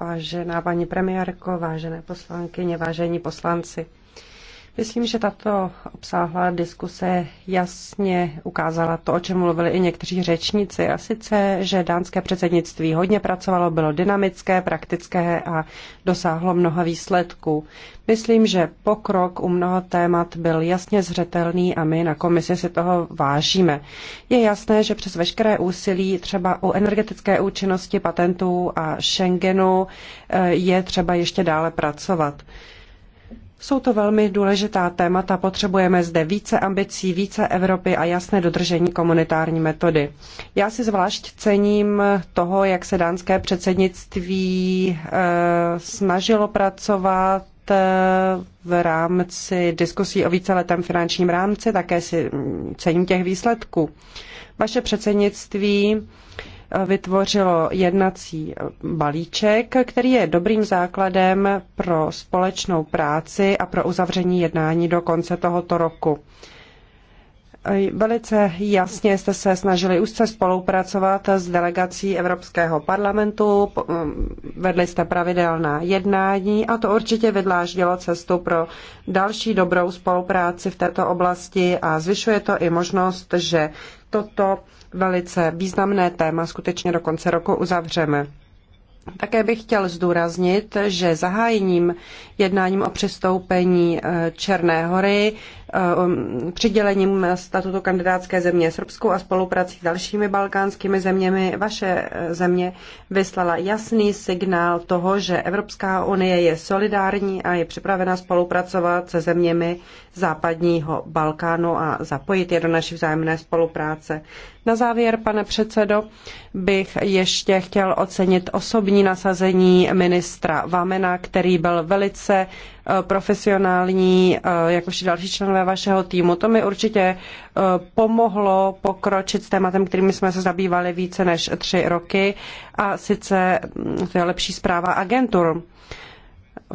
vážená paní premiérko, vážené poslankyně, vážení poslanci. Myslím, že tato obsáhlá diskuse jasně ukázala to, o čem mluvili i někteří řečníci, a sice, že dánské předsednictví hodně pracovalo, bylo dynamické, praktické a dosáhlo mnoha výsledků. Myslím, že pokrok u mnoha témat byl jasně zřetelný a my na komisi si toho vážíme. Je jasné, že přes veškeré úsilí třeba u energetické účinnosti patentů a Schengenu eh, je třeba ještě dále pracovat. Jsou to velmi důležitá témata, potřebujeme zde více ambicí, více Evropy a jasné dodržení komunitární metody. Já si zvlášť cením toho, jak se dánské předsednictví eh, snažilo pracovat eh, v rámci diskusí o víceletém finančním rámci, také si mm, cením těch výsledků. Vaše předsednictví vytvořilo jednací balíček, který je dobrým základem pro společnou práci a pro uzavření jednání do konce tohoto roku. Velice jasně jste se snažili úzce spolupracovat s delegací Evropského parlamentu, vedli jste pravidelná jednání a to určitě vydláždilo cestu pro další dobrou spolupráci v této oblasti a zvyšuje to i možnost, že toto velice významné téma skutečně do konce roku uzavřeme. Také bych chtěl zdůraznit, že zahájením jednáním o přistoupení eh, Černé hory Eh, um, přidělením statutu kandidátské země Srbsku a spoluprací s dalšími balkánskými zeměmi vaše eh, země vyslala jasný signál toho, že Evropská unie je solidární a je připravena spolupracovat se zeměmi západního Balkánu a zapojit je do naší vzájemné spolupráce. Na závěr, pane předsedo, bych ještě chtěl ocenit osobní nasazení ministra Vamena, který byl velice Eh, profesionální, eh, jakož další členové vašeho týmu. To mi určitě eh, pomohlo pokročit s tématem, kterými jsme se zabývali více než tři roky, a sice mm, to je lepší zpráva agentur.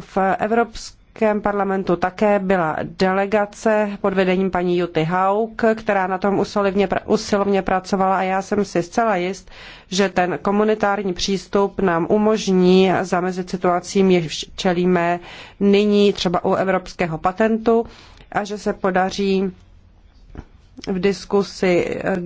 V Evropské Evropském parlamentu také byla delegace pod vedením paní Juty Hauk, která na tom usilovně, usilovně pracovala a já jsem si zcela jist, že ten komunitární přístup nám umožní zamezit situacím, jež čelíme nyní třeba u evropského patentu a že se podaří v diskusi eh,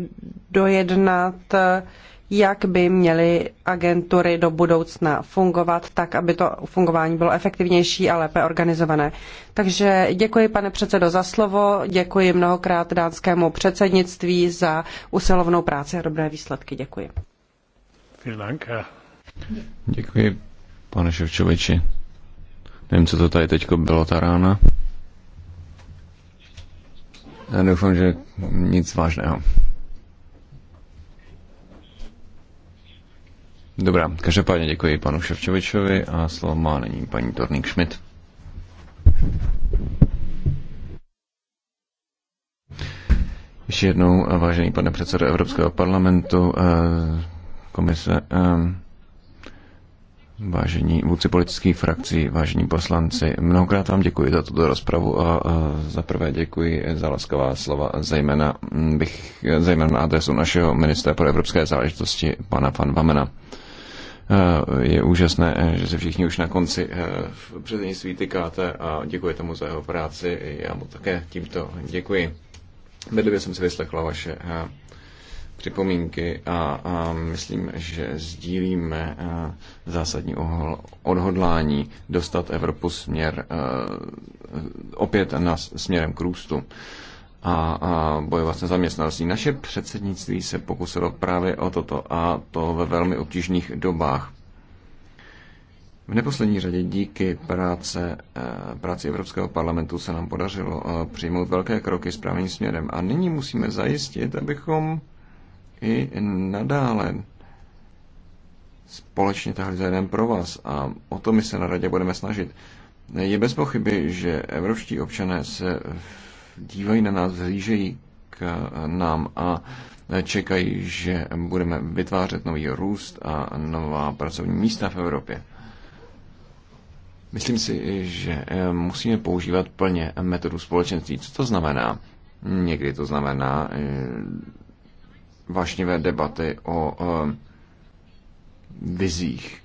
dojednat eh, jak by měly agentury do budoucna fungovat, tak aby to fungování bylo efektivnější a lépe organizované. Takže děkuji, pane předsedo, za slovo, děkuji mnohokrát dánskému předsednictví za usilovnou práci a dobré výsledky. Děkuji. Děkuji, pane Ševčoviči. Nevím, co to tady teďko bylo, ta rána. Já doufám, že nic vážného. Dobrá, každopádně děkuji panu Ševčovičovi a slovo má nyní paní Torník Schmidt. Ještě jednou, vážený pane předsedo Evropského parlamentu, eh, komise, eh, vážení vůdci politických frakcí, vážení poslanci, mnohokrát vám děkuji za tuto rozpravu a eh, za prvé děkuji za laskavá slova, zejména, bych, zejména na adresu našeho ministra pro evropské záležitosti, pana Van Vamena. Eh, je úžasné, eh, že se všichni už na konci eh, v předsednictví tykáte a děkujete mu za jeho práci. Já mu také tímto děkuji. Bedlivě jsem si vyslechla vaše připomínky a, a myslím, že sdílíme zásadní ohol odhodlání dostat Evropu směr opět na, směrem k růstu a, a bojovat se zaměstnaností. Naše předsednictví se pokusilo právě o toto a to ve velmi obtížných dobách. V neposlední řadě díky práce, e, práci Evropského parlamentu se nám podařilo e, přijmout velké kroky správným směrem a nyní musíme zajistit, abychom i nadále společně tahli za jeden pro vás a o to my se na radě budeme snažit. Je bez pochyby, že evropští občané se v dívají na nás, zhlížejí k eh, nám a čekají, že budeme vytvářet nový růst a nová pracovní místa v Evropě. Myslím si, že eh, musíme používat plně metodu společenství. Co to znamená? Někdy to znamená eh, vášnivé debaty o vizích.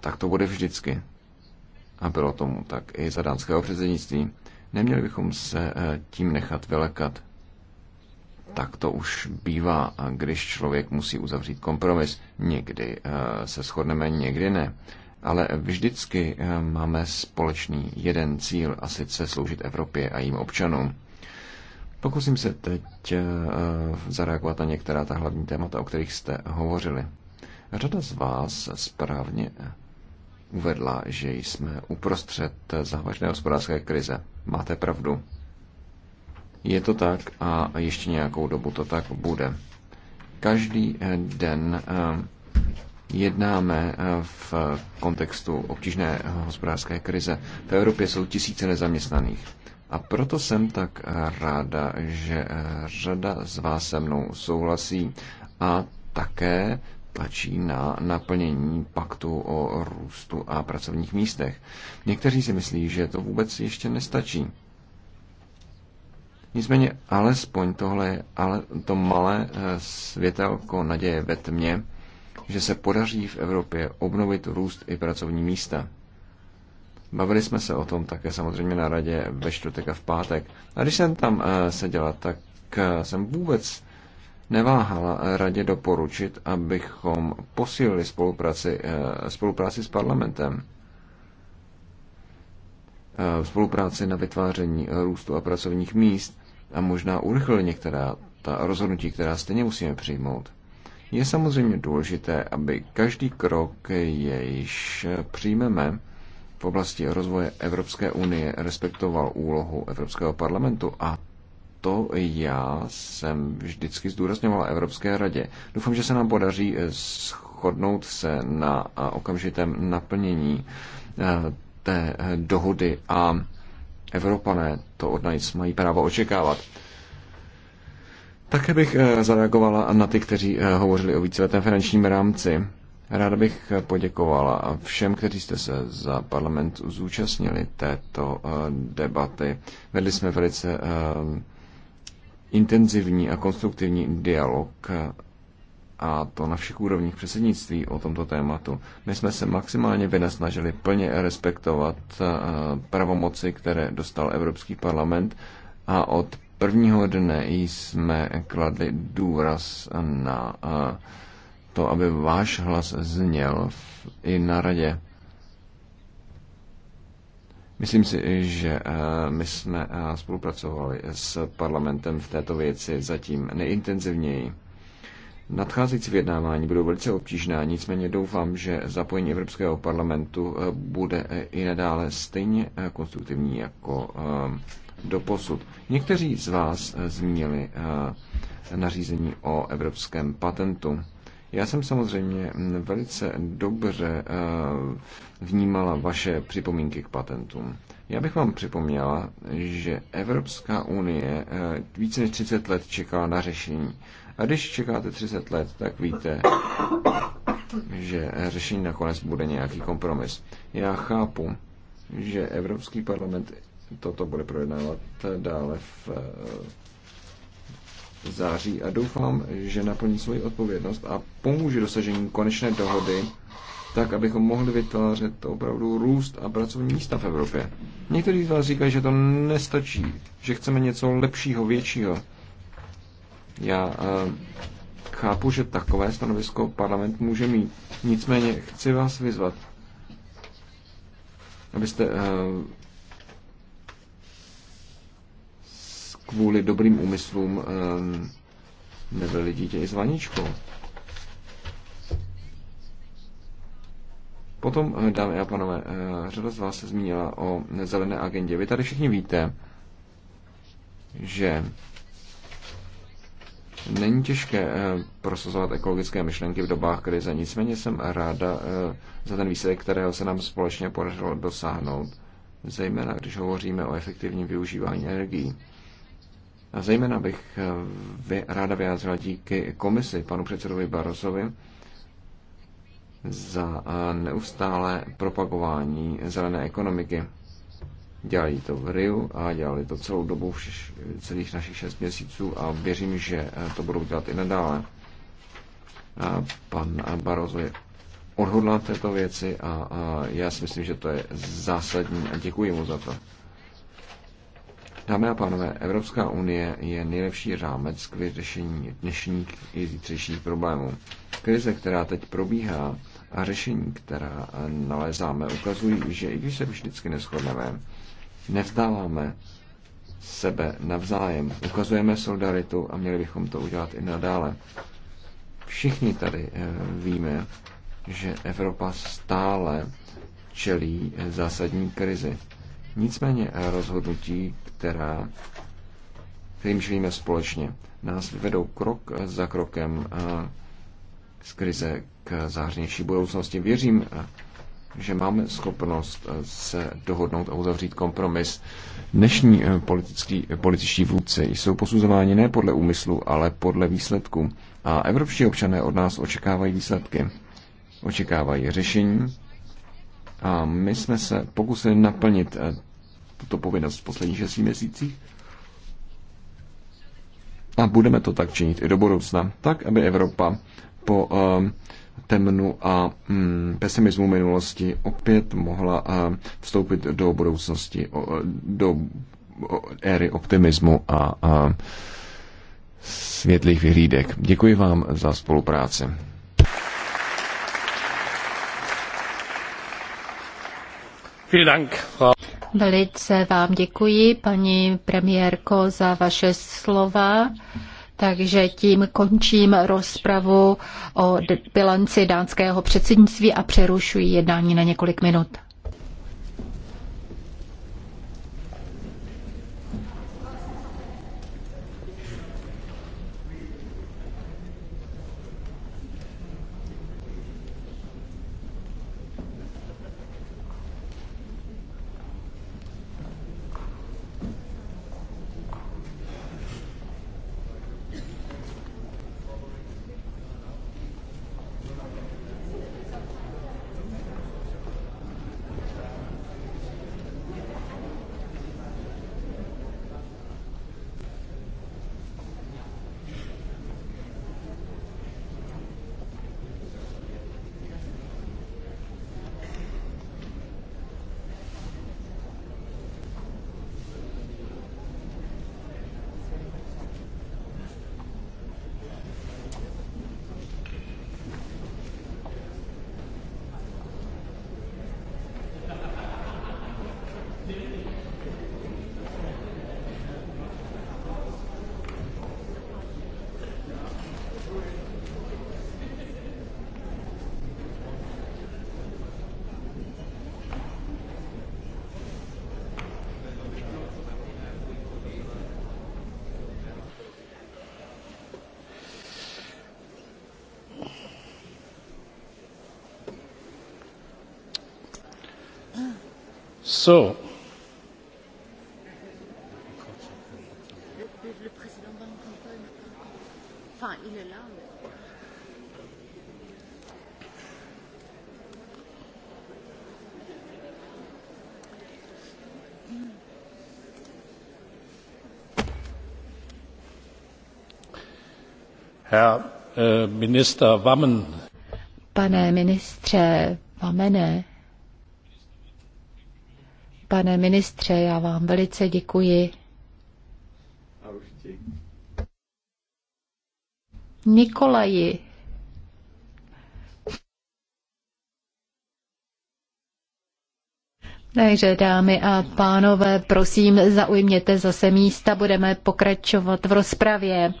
Tak to bude vždycky. A bylo tomu tak i za dánského předsednictví. Neměli bychom se eh, tím nechat vylekat. Tak to už bývá, když člověk musí uzavřít kompromis. Někdy eh, se shodneme, někdy ne. Ale vždycky eh, máme společný jeden cíl, a sice sloužit Evropě a jejím občanům. Pokusím se teď zareagovat na některá ta hlavní témata, o kterých jste hovořili. Řada z vás správně uvedla, že jsme uprostřed závažné hospodářské krize. Máte pravdu. Je to tak a ještě nějakou dobu to tak bude. Každý eh, den eh, jednáme eh, v kontextu obtížné hospodářské krize. V Evropě jsou tisíce nezaměstnaných. A proto jsem tak ráda, že řada z vás se mnou souhlasí a také tlačí na naplnění paktu o růstu a pracovních místech. Někteří si myslí, že to vůbec ještě nestačí. Nicméně alespoň tohle je ale to malé eh, světelko naděje ve tmě, že se podaří v Evropě obnovit růst i pracovní místa. Bavili jsme se o tom také samozřejmě na radě ve čtvrtek a v pátek. A když jsem tam eh, seděla, tak eh, jsem vůbec neváhala radě doporučit, abychom posílili spolupráci, eh, spolupráci s parlamentem. Eh, spolupráci na vytváření růstu a pracovních míst a možná urychlili některá ta rozhodnutí, která stejně musíme přijmout. Je samozřejmě důležité, aby každý krok, jejž přijmeme v oblasti rozvoje Evropské unie, respektoval úlohu Evropského parlamentu a to já jsem vždycky zdůrazňovala Evropské radě. Doufám, že se nám podaří eh, shodnout se na okamžitém naplnění eh, té eh, dohody a Evropané to od nás mají právo očekávat. Také bych zareagovala na ty, kteří hovořili o víceletém finančním rámci. Ráda bych poděkovala všem, kteří jste se za parlament zúčastnili této debaty. Vedli jsme velice intenzivní a konstruktivní dialog eh, a to na všech úrovních předsednictví o tomto tématu. My jsme se maximálně vynasnažili plně respektovat eh, pravomoci, které dostal Evropský parlament a od prvního dne jsme kladli důraz na eh, to, aby váš hlas zněl i na radě. Myslím si, že eh, my jsme eh, spolupracovali s parlamentem v této věci zatím nejintenzivněji. Nadcházející vyjednávání budou velice obtížná, nicméně doufám, že zapojení Evropského parlamentu eh, bude i nadále stejně konstruktivní jako doposud. Někteří z vás zmínili nařízení o evropském patentu. Já jsem samozřejmě hm, velice dobře vnímala vaše připomínky k patentům. Já bych vám připomněla, že Evropská unie eh, více než 30 let čekala na řešení. A když čekáte 30 let, tak víte, že řešení nakonec bude nějaký kompromis. Já chápu, že Evropský parlament toto bude projednávat dále v eh, září a doufám, že naplní svoji odpovědnost a pomůže dosažení konečné dohody tak abychom mohli vytvářet opravdu růst a pracovní místa v Evropě. Někteří z vás říkají, že to nestačí, že chceme něco lepšího, většího. Já uh, chápu, že takové stanovisko parlament může mít. Nicméně chci vás vyzvat, abyste uh, kvůli dobrým úmyslům uh, nebyli dítě i s vaničkou. Potom, eh, dámy a panové, eh, řada z vás se zmínila o zelené agendě. Vy tady všichni víte, že není těžké eh, prosazovat ekologické myšlenky v dobách krize. Nicméně jsem ráda za ten výsledek, kterého se nám společně podařilo dosáhnout, zejména když hovoříme o efektivním využívání energií. A zejména bych ráda vyjádřila díky komisi panu předsedovi Barosovi, za eh, neustále propagování zelené ekonomiky. Dělají to v Riu a dělali to celou dobu, celých našich šest měsíců a věřím, že eh, to budou dělat i nadále. A pan Barozo je odhodlán této věci a, a já si myslím, že to je zásadní a děkuji mu za to. Dámy a pánové, Evropská unie je nejlepší rámec k vyřešení dnešních i zítřejších problémů. Krize, která teď probíhá, a řešení, která nalezáme, ukazují, že i když se vždycky neschodneme, nevzdáváme sebe navzájem, ukazujeme solidaritu a měli bychom to udělat i nadále. Všichni tady eh, víme, že Evropa stále čelí eh, zásadní krizi. Nicméně rozhodnutí, která, kterým žijeme společně, nás vedou krok za krokem eh, z krize k zářnější budoucnosti. Věřím, že máme schopnost se dohodnout a uzavřít kompromis. Dnešní eh, politický, eh, političtí vůdci jsou posuzováni ne podle úmyslu, ale podle výsledků. A evropští občané od nás očekávají výsledky. Očekávají řešení. A my jsme se pokusili naplnit eh, tuto povinnost v posledních šesti měsících. A budeme to tak činit i do budoucna, tak aby Evropa po ehm, temnu a mm, pesimismu minulosti opět mohla ehm, vstoupit do budoucnosti, do éry optimismu a světlých vyhlídek. Děkuji vám za spolupráci. Velice vám děkuji, paní premiérko, za vaše slova. Takže tím končím rozpravu o bilanci dánského předsednictví a přerušuji jednání na několik minut. So. Äh, Pane ministře Vamene, Pane ministře, já vám velice děkuji. Nikolaji. Takže dámy a pánové, prosím, zaujměte zase místa, budeme pokračovat v rozpravě.